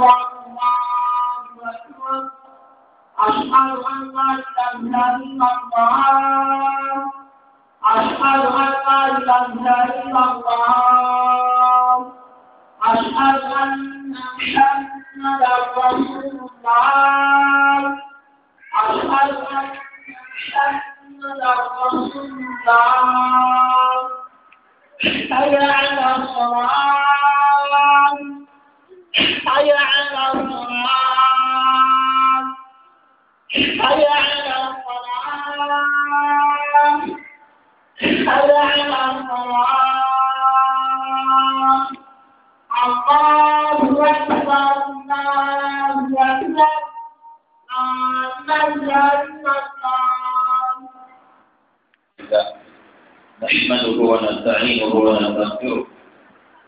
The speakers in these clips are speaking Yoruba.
أشهد أن لا إله إلا الله أشهد أن لا إله إلا الله أشهد أن محمدا رسول الله أشهد أن محمدا رسول الله حي على الصلاة فيعلم الناس فيعلم الناس فيعلم الناس الله أكبر الله أكبر نحمده ونستعينه ونستغفره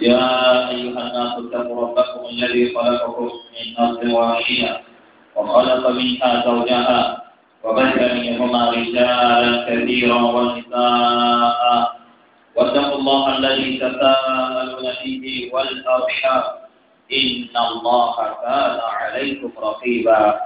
يا أيها الناس اتقوا ربكم الذي خلقكم من نفس واحدة وخلق منها زوجها وبث منهما رجالا كثيرا ونساء واتقوا الله الذي تساءلون فيه والأرحام إن الله كان عليكم رقيبا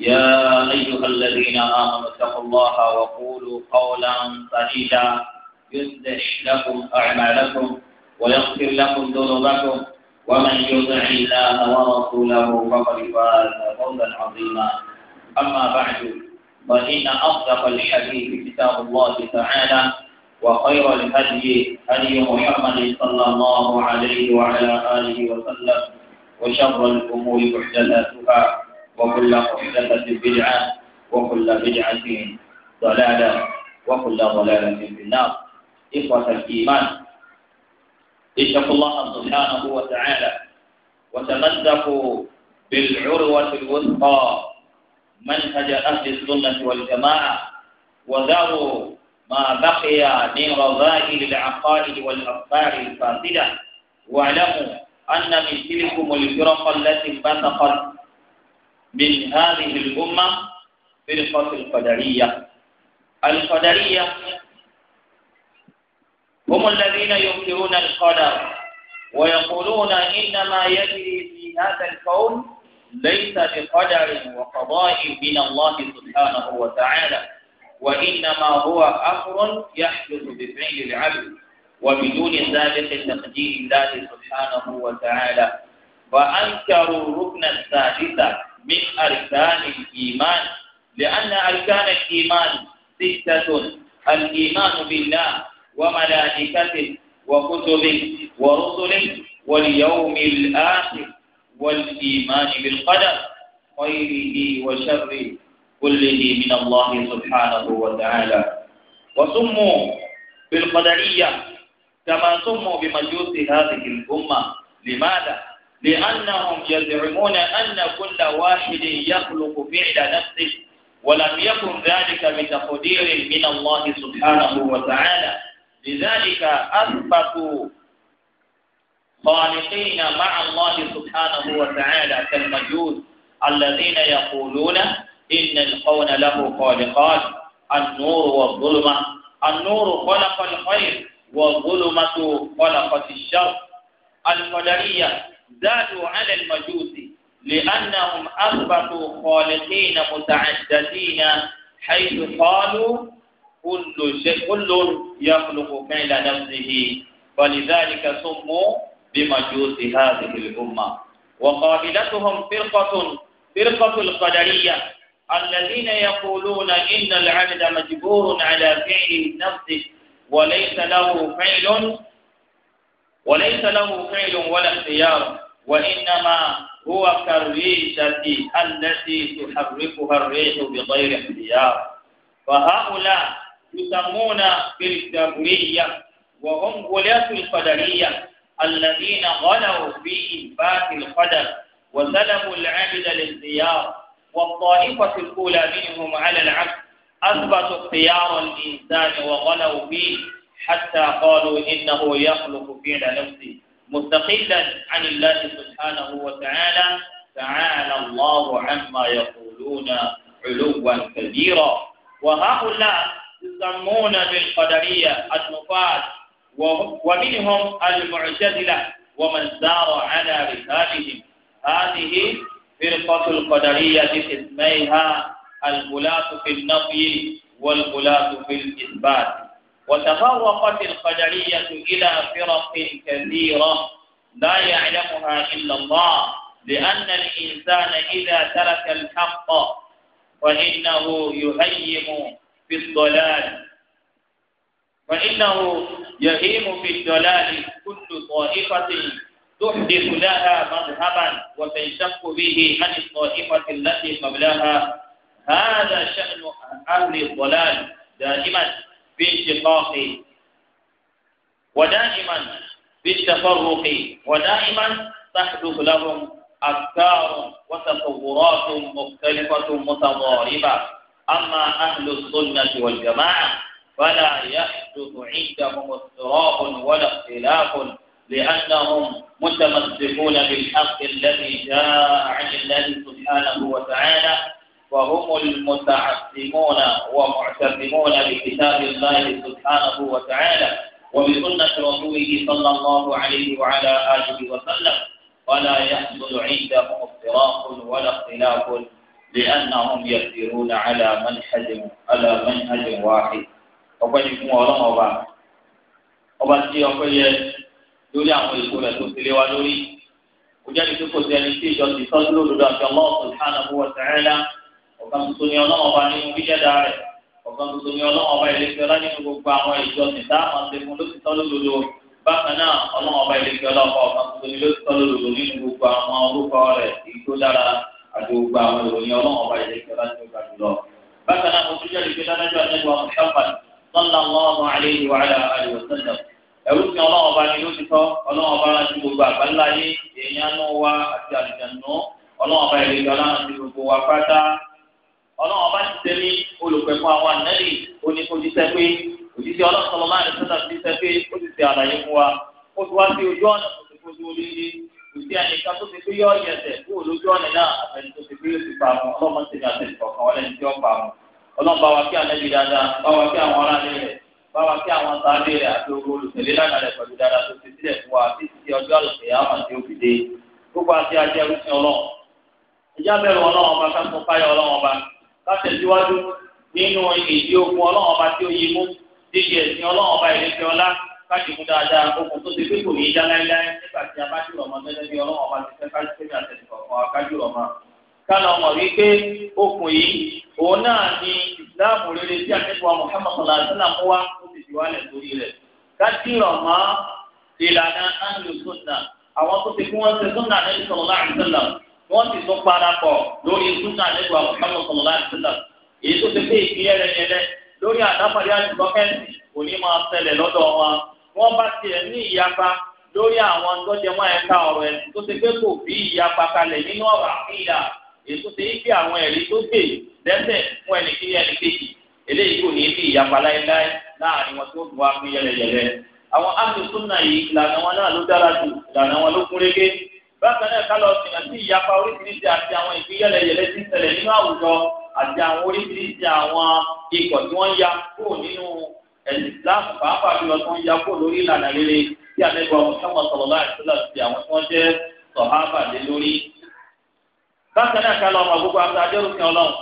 يا أيها الذين آمنوا اتقوا الله وقولوا قولا سديدا يصلح لكم أعمالكم ويغفر لكم ذنوبكم ومن يطع الله ورسوله فقد فاز فوزا عظيما اما بعد فان اصدق الحديث كتاب الله تعالى وخير الهدي هدي محمد صلى الله عليه وعلى اله وسلم وشر الامور محدثاتها وكل محدثه بدعه وكل بدعه ضلاله وكل ضلاله في النار اخوه الايمان اتقوا الله سبحانه وتعالى وتمسكوا بالعروة الوثقى منهج أهل السنة والجماعة وذروا ما بقي من رذائل العقائد والأفكار الفاسدة واعلموا أن من تلكم الفرق التي انبثقت من هذه الأمة فرقة القدرية القدرية هم الذين ينكرون القدر ويقولون إنما يجري في هذا الكون ليس بقدر وقضاء من الله سبحانه وتعالى وإنما هو أمر يحدث بفعل العبد وبدون ذلك تقدير الله سبحانه وتعالى فأنكروا الركن الثالث من أركان الإيمان لأن أركان الإيمان ستة الإيمان بالله وملائكة وكتب ورسل واليوم الآخر والإيمان بالقدر خيره وشره كله من الله سبحانه وتعالى وسموا بالقدرية كما سموا بمجوس هذه الأمة لماذا؟ لأنهم يزعمون أن كل واحد يخلق فعل نفسه ولم يكن ذلك بتقدير من الله سبحانه وتعالى لذلك أثبتوا خالقين مع الله سبحانه وتعالى كالمجوس الذين يقولون إن الكون له خالقان النور والظلمة النور خلق الخير والظلمة خلقت الشر القدرية زادوا على المجوس لأنهم أثبتوا خالقين متعددين حيث قالوا كل شيء كل يخلق فعل نفسه ولذلك سموا بمجوس هذه الأمة وقابلتهم فرقة فرقة القدرية الذين يقولون إن العبد مجبور على فعل نفسه وليس له فعل وليس له فعل ولا اختيار وإنما هو كالريشة التي تحركها الريح بغير اختيار فهؤلاء يسمون بالجبرية وهم غلاة القدرية الذين غلوا في إنفاق القدر وسلبوا العبد للزيار والطائفة الأولى منهم على العكس أثبتوا اختيار الإنسان وغلوا فيه حتى قالوا إنه يخلق فعل نفسه مستقلا عن الله سبحانه وتعالى تعالى الله عما يقولون علوا كبيرا وهؤلاء يسمون بالقدرية النفاذ ومنهم المعتزلة ومن سار على رسالهم هذه فرقة القدرية باسميها الغلاة في النفي والغلاة في الإثبات وتفرقت القدرية إلى فرق كثيرة لا يعلمها إلا الله لأن الإنسان إذا ترك الحق فإنه يهيم في الضلال فإنه يهيم في الضلال كل طائفة تحدث لها مذهبا وتنشق به عن الطائفة التي قبلها هذا شأن أهل الضلال دائما في انشقاق ودائما في التفرق ودائما تحدث لهم أفكار وتصورات مختلفة متضاربة أما أهل السنة والجماعة فلا يحدث عندهم اضطراب ولا اختلاف لأنهم متمسكون بالحق الذي جاء عن الله سبحانه وتعالى وهم المتعصمون ومعتصمون بكتاب الله سبحانه وتعالى وبسنة رسوله صلى الله عليه وعلى آله وسلم ولا يحصل عندهم اضطراب ولا اختلاف لأنهم يسيرون على منهج على منهج واحد ọpẹ́ ní fún Ọlọ́run ọba ọba tí ọpẹ́ yẹ lórí àwọn èso rẹ̀ tó tẹ̀lé wa lórí ọjọ́ ní kíkó tí ẹni tí ìjọ ti tọ́jú lòdòdó àti Allah subhanahu wa ta'ala ọba tuntun ní Ọlọ́run ọba nínú bíjẹ́dá rẹ̀ ọba tuntun ní Ọlọ́run ọba ìlẹ́kẹ́ ọlá nínú gbogbo àwọn ìjọ ti dá àwọn ti fún lóti tọ́jú lòdò bákan náà Ọlọ́run ọba ìlẹ́kẹ́ ọlọ́kọ̀ ọba tuntun ní lóti tọ́jú lòdò nínú gbogbo àwọn orúkọ rẹ̀ ìgbó dára àti gbogbo àwọn ìròyìn ọlọ́run ọba ìdíkẹ́ láti ọgbà jùlọ. bákan náà mo tún jẹ́ ìgbé dánájọ́ nípa Muhammad sallallahu alayhi wa alayhi wa sallam. ẹ̀rú ti ọlọ́run ọba ni yóò ti tọ́ ọlọ́run ọba láti gbogbo àgbáńlá yé èèyàn nù wá àti àlùjànnú ọlọ́run ọba ìdíkẹ́ láti gbogbo wa pátá. ọlọ́run ọba ti tẹ́lẹ̀ olùpẹ̀ fún àwọn kò sí àyíká tó ti pé yọ ọ̀yẹ̀sẹ̀ kú olójú ọ̀nà náà àtẹni tó ti pé yóò ti pa àwọn ọlọ́mọ ti ní àtẹni kọ̀ọ̀kan wọn lẹ́ni tí ó pa àwọn ọlọ́mọ bá wa kí ànábì dáadáa bá wa kí àwọn aráàlú rẹ̀ bá wa kí àwọn sáábì rẹ̀ àti olùtẹ̀lé lánàá rẹ̀ pẹ̀lú dáadáa tó ti sílẹ̀ fún wa tí ti di ọjọ́ àlùfẹ́ yàrá tí ó fi dé gbogbo àti ajẹ́ rúfin ọlọ́run ìjà bẹ̀rù ọlọ́run ọba ká fún káṣí fún dáadáa okùn tó ti fi kò ní í dá láíláí nígbà tí a bá jùlọ mọ gẹ́gẹ́ bí ọlọ́run ọba ti fẹ́ káṣí fún àtẹ̀sí kọ̀ọ̀kan akájùlọ mọ. kálọ̀ mọ̀ wípé okùn yìí òun náà ni ìsìláàmù rere tí àtẹ̀kùn Muhammad sọ̀lá sílà mú wá ó ti fi wálẹ̀ lórí rẹ̀. káṣí rọ̀ mọ́ ìlànà ahlu sunna àwọn tó ti fún wọn ṣe sunna nẹ́bí sọ̀lá àdìsẹ́lẹ̀ wọ́n ti tún parapọ̀ lórí sunna nẹ́bí Muhammad sọ̀lá àdìsẹ́lẹ̀ èyí tó ti fi ìpínlẹ̀ rẹ̀ yẹn lẹ́ lórí àdáfàdé àdìsọ́kẹ́sì kò wọ́n bá tiẹ̀ ní ìyapa lórí àwọn tó jẹ mọ́ ẹ̀ka ọ̀rọ̀ ẹ̀sìn tó ṣe pé kò fi ìyapa kalẹ̀ nínú ọ̀rọ̀ àfihàn èso ṣe ife àwọn ẹ̀rí tó gbè lẹ́sẹ̀ fún ẹnìkíní ẹnìkejì eléyìí kò ní í fi ìyapa láéláé láàrin wọn tó bu àmì yẹlẹyẹlẹ àwọn àmì súnà yìí ìlànà wọn náà ló dára jù ìlànà wọn ló kún régé bákan náà kálọ̀ sìnà sí ìyapa oríṣiríṣi àti àwọn ìfiyẹlẹyẹlẹ tí ń ṣẹlẹ̀ nínú àwùjọ àti àwọn oríṣiríṣi àwọn ikọ̀ tí wọ́n ya kúrò nínú islam pàápàá bí wọn tó ń yakó lórí ìlànà rere tí àlejò àwọn sọmọ sọlọ láì sílẹ̀ sí àwọn tí wọn jẹ sọhábà lé lórí. bákan náà kálọ̀ ọmọ gbogbo àti adéròfin ọlọ́run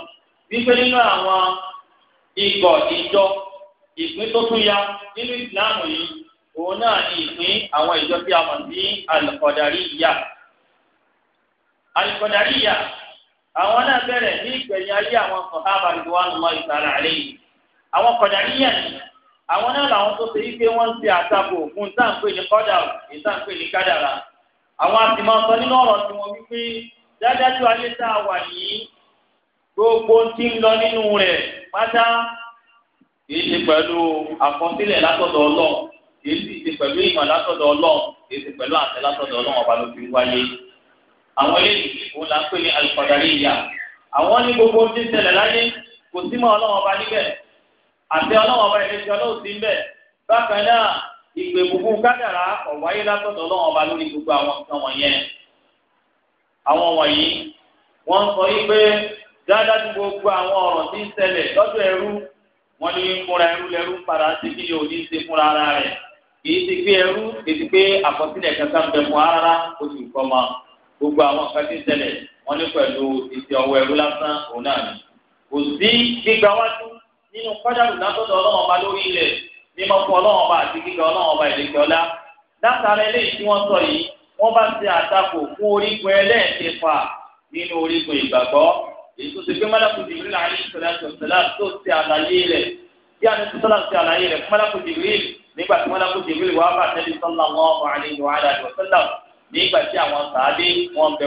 wípé nínú àwọn ìgọ̀ ìjọ ìpín tó tún ya nínú islam yìí òun náà ni ìpín àwọn ìjọ tí a mọ̀ sí alùpàdàríyà. alùpàdàríyà àwọn náà bẹ̀rẹ̀ ní ìgbẹ̀yìn ayé àwọn sọ̀hábà ìdúwánu mọ́ ìsàlẹ̀ àwọn náà làwọn tó ṣe wípé wọ́n ń ṣe àtakò fún táǹpé ní kọ́dà ìtàǹpé ní kádàrà àwọn àti máa sọ nínú ọ̀rọ̀ tí wọ́n wípé dájájú alẹ́ tá a wà yìí gbogbo tí ń lọ nínú rẹ̀ pátá kìí ṣe pẹ̀lú àkọsílẹ̀ látọ̀dọ̀ ọlọ́run kìí sì ṣe pẹ̀lú ìmọ̀ látọ̀dọ̀ ọlọ́run kìí ṣe pẹ̀lú àṣẹ látọ̀dọ̀ ọlọ́run ọba ló fi wáyé àwọn eléyìí òun la ń pè ní alùpàdàrí ìyá àwọn ní gbogbo tí ń ṣẹlẹ̀ láyé kò sí mọ́ ọlọ́run ọba níbẹ̀ àti ọlọ́wọ́ ọba ìrẹsì ọlọ́wọ́ sí ń bẹ̀ bákan náà ìgbè gbogbo kádàrá ọ̀wáyé látọ̀dọ̀ ọlọ́wọ́ ọba lórí gbogbo àwọn nǹkan wọ̀nyẹn àwọn wọ̀nyí wọ́n sọ yí pé dáadáa tí gbogbo àwọn ọ̀rọ̀ tí ń ṣẹlẹ̀ lọ́dọ̀ ẹrú wọ́n ní fúnra ẹrú lẹ́rú padà sí kí yóò ní ṣe fúnra ara rẹ̀ kì í ti pé ẹrú kì í ti pé àkọsílẹ̀ kankan bẹ fún ara oṣù kọ́mọ gbogbo àwọn nǹkan tí ń ṣẹlẹ̀ wọ́n ní pẹ̀lú ìṣe ọwọ́ ẹrú lásán òun náà ni kò sí gbígbáwájú nínú kọ́dàrú látọ̀dọ̀ ọlọ́run ọba lórí ilẹ̀ mímọ́ fún ọlọ́run ọba àti gíga ọlọ́run ọba ìlẹ́kẹ̀ ọlá látara eléyìí tí wọ́n sọ yìí wọ́n bá ṣe àtakò fún orígun ẹlẹ́ẹ̀kẹfà nínú orígun ìgbàgbọ́ èyí tó ṣe pé mọ́lákù jìbìrì láàrin ìṣẹ̀lẹ̀ àtọ̀sẹ̀lá tó ṣe àlàyé rẹ̀ bí a ní sọ́lá ṣe àlàyé rẹ̀ fún mọ́lákù jìbìrì nígbà tí mọ́lákù jìbìrì wà bá àtẹ́lẹ̀ sọ́lá wọn wà ní ìwà àdàdọ̀sẹ́lá nígbà tí àwọn sàádé wọn bẹ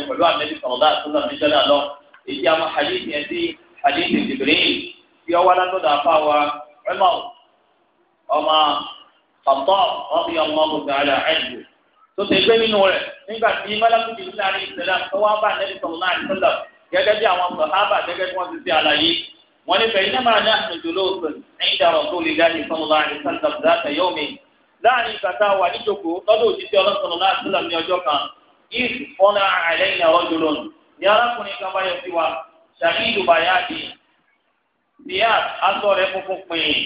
pẹ̀lú tí ọwọ́ alátọ́dọ̀ afá wa ẹ̀mọ́ ọmọ ọ̀tọ́ ọmọ ọmọ ọmọdé àlẹ́ àìlú tó ṣe gbé nínú rẹ̀ nígbà tí mẹ́lẹ́kùtì ní àárín ìṣẹ̀lẹ̀ tó wá bá nẹ́bí sọ̀rọ̀ náà ìṣẹ̀lẹ̀ gẹ́gẹ́ bí àwọn sọ̀hábà gẹ́gẹ́ bí wọ́n ti ṣe àlàyé wọ́n ní fẹ̀yìn náà máa ní àtúntò lóòsùn nígbà rọ̀tò lè dáhìí sọ̀rọ̀ náà ìṣẹ̀lẹ̀ láti yóò mi láàrin kàtà wà níjòkó lọ́dọ̀ òjíṣẹ́ ọlọ́sọ̀rọ̀ náà ìṣẹ̀lẹ̀ ní ọjọ́ kan ìfọ̀nà àlẹ́ ìyàwó jùlọ ní arákùnrin kan báyọ̀ sí wa ṣàkíyù bàyá di síyá aṣọ rẹ̀ funfun pin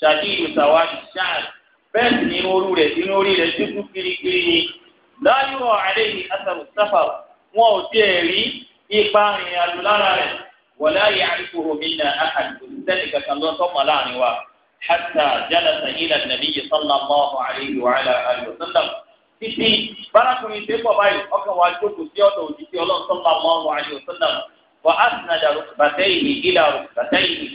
ṣàdí ìrùsàwá ṣáàd bẹ́ẹ̀ sì ni orú rẹ̀ sí ní orí rẹ̀ dúdú kirikiri ni láyò àlẹyìn asàrù sáfà wọn ò tiẹ̀ rí ipa rìn àjò lára rẹ̀ wọlé ayé àdúgbò omínà àkàdùkù sẹni kankan lọ sọmọ láàrin wa hatta jalasa ila nabiyyi sallallahu alayhi wa ala alihi wa sallam títí bárakùnrin dépọ̀ báyìí ọkàn wa jókòó sí ọ̀dọ̀ òjijì wà á sì nàdà rukbatayhi ila rukbatayhi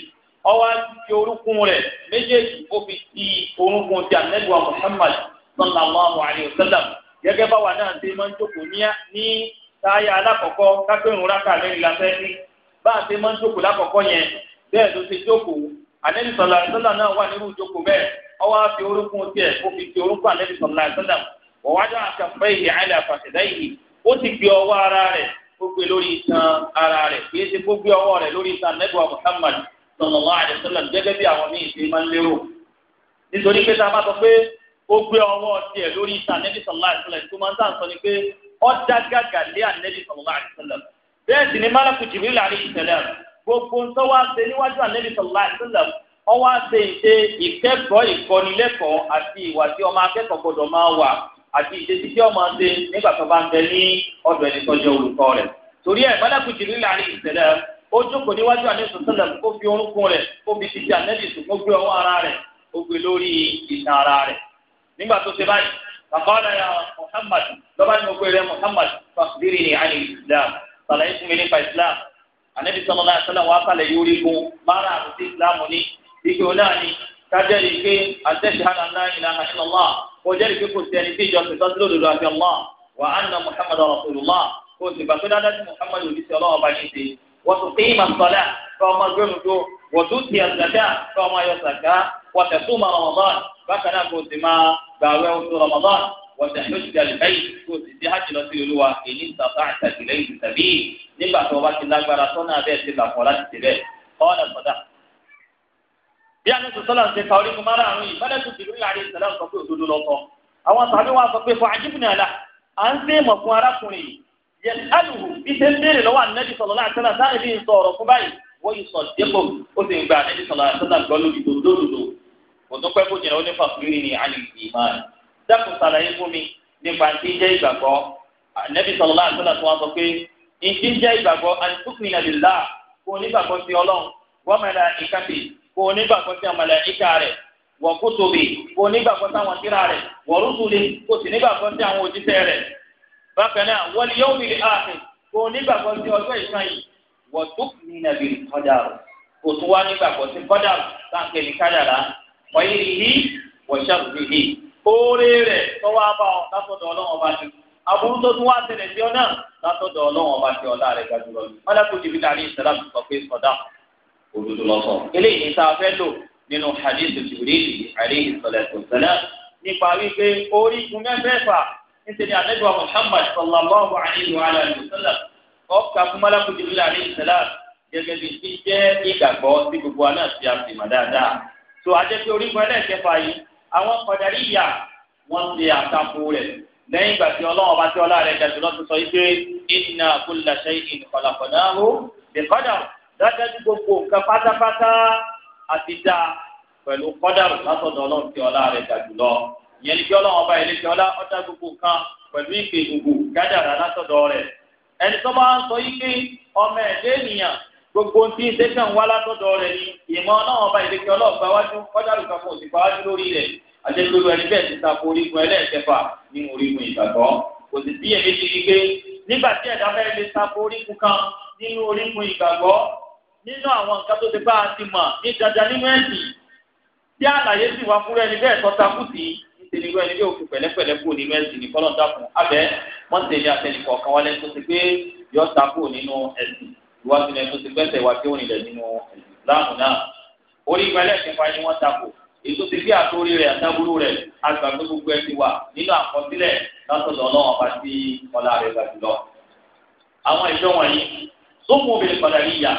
ọwọ́ ti orúkún rẹ̀ méjèèjì ó fi ti orúkún ti anẹ́gbà Muhammad sallallahu alayhi wa sallam gẹ́gẹ́ báwa náà ṣe máa ń jókòó ní táyà alákọ̀ọ́kọ́ kápẹ́rún rákà mẹ́rin la fẹ́ bá a ṣe máa ń jókòó lákọ̀ọ́kọ́ yẹn bẹ́ẹ̀ ló ṣe jókòó anẹ́bí sallallahu alayhi náà wà nírú ìjókòó bẹ́ẹ̀ ọwọ́ fi orúkún tiẹ̀ ó fi ti orúkún anẹ́bí sallallahu alayhi wọ́n wájú àkànfẹ́ yìí àlẹ́ àfàṣẹ̀dá yìí ó ti gbé ọwọ́ ara rẹ̀ gbogbo lórí itan ara rẹ̀ kì í ṣe gbogbo ọwọ́ rẹ̀ lórí itan nẹ́gbà Muhammad sallallahu alaihi wasallam gẹ́gẹ́ bí àwọn míì ṣe máa ń lérò nítorí pé tá a bá sọ pé ó gbé ọwọ́ tiẹ̀ lórí itan nẹ́bí sallallahu alaihi wasallam tó máa ń tà ń sọ ni pé ó dá gàgà lé ànẹ́bí sallallahu alaihi wasallam bẹ́ẹ̀ sì ni malaku Jibril alaihi salam gbogbo ń tọ́wọ́ ṣe níwájú ànẹ́bí sallallahu alaihi wasallam ọwọ́ ṣe ìṣe àti ìwà tí ọmọ akẹ́kọ̀ọ́ gbọ́dọ̀ máa wà àti ìṣesí tí ọmọ ṣe nígbà tó bá ń bẹ ní ọ̀dọ̀ ẹni tó jẹ́ olùkọ́ rẹ̀ torí ẹ̀ mọ́lẹ́kùn jìrì láàrin ìṣẹ̀lẹ̀ ó jókòó níwájú àníṣe sọ́lẹ̀ kó fi orúnkún rẹ̀ kó fi ti ti ànẹ́bì ṣùgbọ́n gbé ọwọ́ ara rẹ̀ ó gbé lórí ìta ara rẹ̀ nígbà tó ṣe báyìí bàbá ọ̀la ya Muhammad lọ́ba ní ogbe rẹ̀ Muhammad fàkìdírì ní àní Islam sàlàyé fún mi nípa Islam ànẹ́bì sọ́lọ́ náà sọ́lá wà sàlẹ̀ yóò rí fún mara àti Islam ní ìgbéwò náà ní kájẹ́ ìgbé àtẹ̀síhánà náà ìlànà ìlànà kó jẹ́ ìpín kò sí ẹni tí ìjọsìn tọ́sí lòdòdó àti ọmọ wa anna muhammadu rasulullah kó o sì gbà pé dáadáa sí muhammadu olùsí ọlọ́wọ́ bá yín ṣe wọ́n tún kéyìn máa sọ̀lá kọ́ ọmọ gbẹ́rù tó wọ́n tún ti àṣàkà kọ́ ọmọ ayọ̀ sàkà wọ́n tẹ̀ tún ma ramadan bákan náà kó o sì gbàwé oṣù ramadan wọ́n tẹ̀ lóṣù tí a lè báyìí ti hajj lọ sí olúwa èyí ń sàkà àtàkìlẹ́yìn tàbí nígbà tó o bá ti lágbára tọ́nà abẹ́ẹ̀ ti làkọ́ láti tẹ̀lé ọ̀nà sọ̀dá bí alẹ́sọ̀ sọ́lá ṣe ka orí kumara àrùn yìí bẹ́ẹ̀ tó bìrì àrẹ ìṣẹ̀lẹ̀ sọ pé òdodo lọ́tọ̀ àwọn sàbí wa sọ pé fún àjíbìnrin àlà à ń sè mọ̀ fún arákùnrin yìí yẹn alùpùpù iṣẹ́ ń béèrè lọ́wọ́ ànẹ́bí sọ̀rọ̀ láti sẹ́lá sáré bí n sọ ọ̀rọ̀ fún báyìí wọ́n yìí sọ dépò ó sì ń gba ànẹ́bí sọ̀rọ̀ láti sẹ́lá gbọ́ lórí dòdòdò kò tó pẹ́ kó jẹ́ ó ní fàkúrì ní àlè ìmáà dákun sàlàyé fún mi nípa tí jẹ́ ìgbàgbọ́ ànẹ́bí sọ̀rọ̀ láti sẹ́lá tí wọ́n sọ pé ìdí jẹ́ kó o nígbàgbọ́ sí àwọn màláíkà rẹ̀ wa kutubi kó o nígbàgbọ́ sí àwọn tírà rẹ̀ wa rusuli kó o sì nígbàgbọ́ sí àwọn òjíṣẹ́ rẹ̀ bákan náà wal yawmil akhir kó o nígbàgbọ́ sí ọjọ́ ìsan yìí wa tu'minu bil qadar kó o tún wá nígbàgbọ́ sí qadar sáǹkẹ́ ní kádàrá khayrihi wa sharrihi oore rẹ̀ tọ́wọ́ abá ọ látọ̀dọ̀ ọlọ́run ọba ti aburú tó tún wá tẹ̀lẹ̀ sí ọ náà látọ̀dọ̀ òdodo lọ́sọ̀. eléyìí tá a fẹ́ lò nínú hadith jibril alayhi salatu wasalam nípa wípé orígun mẹ́fẹ̀ẹ̀fà nítorí àdéjọ́ muhammad sallallahu alayhi wa sallam ọ̀ka kumalakú jibril alayhi salam gẹ́gẹ́ bí ti jẹ́ ìgbàgbọ́ sí gbogbo aná sí àfihàn dáadáa. tó a jẹ́ pé orígun ẹlẹ́ẹ̀kẹfà yìí àwọn Qadariyya wọ́n ti àtakò rẹ̀ lẹ́yìn ìgbà tí ọlọ́run ọba tí ọlá rẹ̀ jẹ́ jùlọ sọ yìí pé inna kulla shay'in khalaqnahu bi dájájú gbogbo nǹkan pátápátá àti dá pẹ̀lú kọ́dàrú látọ̀dọ̀ ọlọ́run tí ọlá rẹ̀ gà jùlọ ìyẹn ni kí ọlọ́run ọba ìlẹ́kẹ̀ ọlá ọ̀dà gbogbo nǹkan pẹ̀lú ìpè gbogbo gádàrá látọ̀dọ̀ rẹ̀ ẹni tó bá ń sọ yí pé ọmọ ẹ̀dẹ́ ènìyàn gbogbo ti ń sẹ́kàn wá látọ̀dọ̀ rẹ̀ ni ìmọ̀ ọlọ́run ọba ìlẹ́kẹ̀ ọlọ́ọ̀gbà wájú kọ́dàrú kan fún òsì àjẹgbẹ́rú ẹni bẹ́ẹ̀ ti ta ko orígun ẹlẹ́ẹ̀kẹfà nínú orígun ìgbàgbọ́ kò sì sí èmi ti rí pé nígbà nínú àwọn nǹkan tó ti bá a ti mọ̀ ní dandan nínú ẹ̀sìn tí àlàyé sì wá fúnra ẹni bẹ́ẹ̀ tọ́ta kù sí ṣe nínú ẹni bẹ́ẹ̀ òkú pẹ̀lẹ́pẹ̀lẹ́ kù nínú ẹ̀sìn ní kọ́lọ́ọ̀dà fún abẹ́ wọ́n ti ní àtẹnukọ̀ kan wálé tó ti pé yọ ta kù nínú ẹ̀sìn ìwádìí ní ẹni tó ti gbẹ́sẹ̀ wá kí òrìlẹ̀ nínú ẹ̀sìn láàmù náà orí ìgbàlẹ̀ kẹfà ni wọ́n ta kù èso ti bí àtòrí rẹ̀ àtàbúrú rẹ̀ àgbàgbé gbogbo ẹ ti wà nínú àkọsílẹ̀ látọ̀dọ̀ ọlọ́run ọba tí ọlá rẹ̀ gbàdúrà àwọn ìjọ wọ̀nyí tó mú obìnrin padà yíyà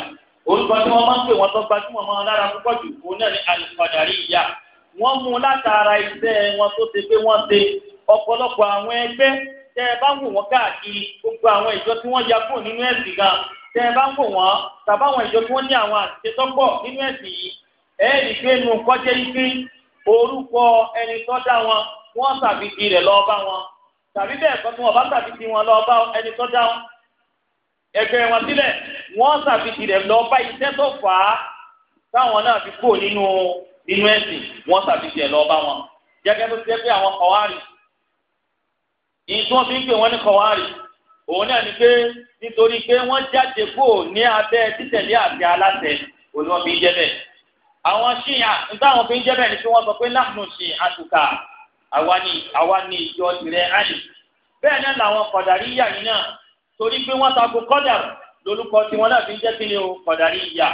orúkọ tí wọ́n máa ń pè wọ́n tó gbajúmọ̀ mọ́ lára púpọ̀ jù òun náà ní alùpàdàrí ìyá wọ́n mú látara iṣẹ́ wọn tó ṣe pé wọ́n ṣe ọ̀pọ̀lọpọ̀ àwọn ẹgbẹ́ tẹ́ ẹ bá wò wọ́n káàkiri gbogbo àwọn ìjọ tí wọ́n ya kúrò nínú ẹ̀sìn gan tẹ́ ẹ bá wò wọ́n tàbá àwọn ìjọ tí wọ́n ní àwọn àṣìṣe tó pọ̀ nínú ẹ̀sìn yìí ẹ rí pé nu kọjá ife orúkọ ẹni tó dá wọn wọ́n sàbìtì rẹ̀ lọ́ọ́ bá wọn tàbí bẹ́ẹ̀ kọ́ tí wọ́n bá sàbìtì wọn ẹgbẹ́ wọn sílẹ̀ wọ́n ṣàfihàn rẹ̀ lọ bá iṣẹ́ tó fà á táwọn náà fi kó nínú nínú ẹ̀sìn wọ́n ṣàfihàn rẹ̀ lọ bá wọn. jẹ́gẹ́ tó ti jẹ́ pé àwọn kọ̀wárì ìtún fi ń pè wọ́n ní kọ̀wárì òun náà ni pé nítorí pé wọ́n jáde wọ́n fi ń jẹ́ bẹ́ẹ̀. àwọn ṣìyàn fi ń ni pé ni àwa ni ìjọ bẹ́ẹ̀ náà làwọn náà torí pé wọ́n tako kọ́dà lórúkọ tí wọ́n náà fi ń jẹ́ kíni o kọ̀dàrí ìyá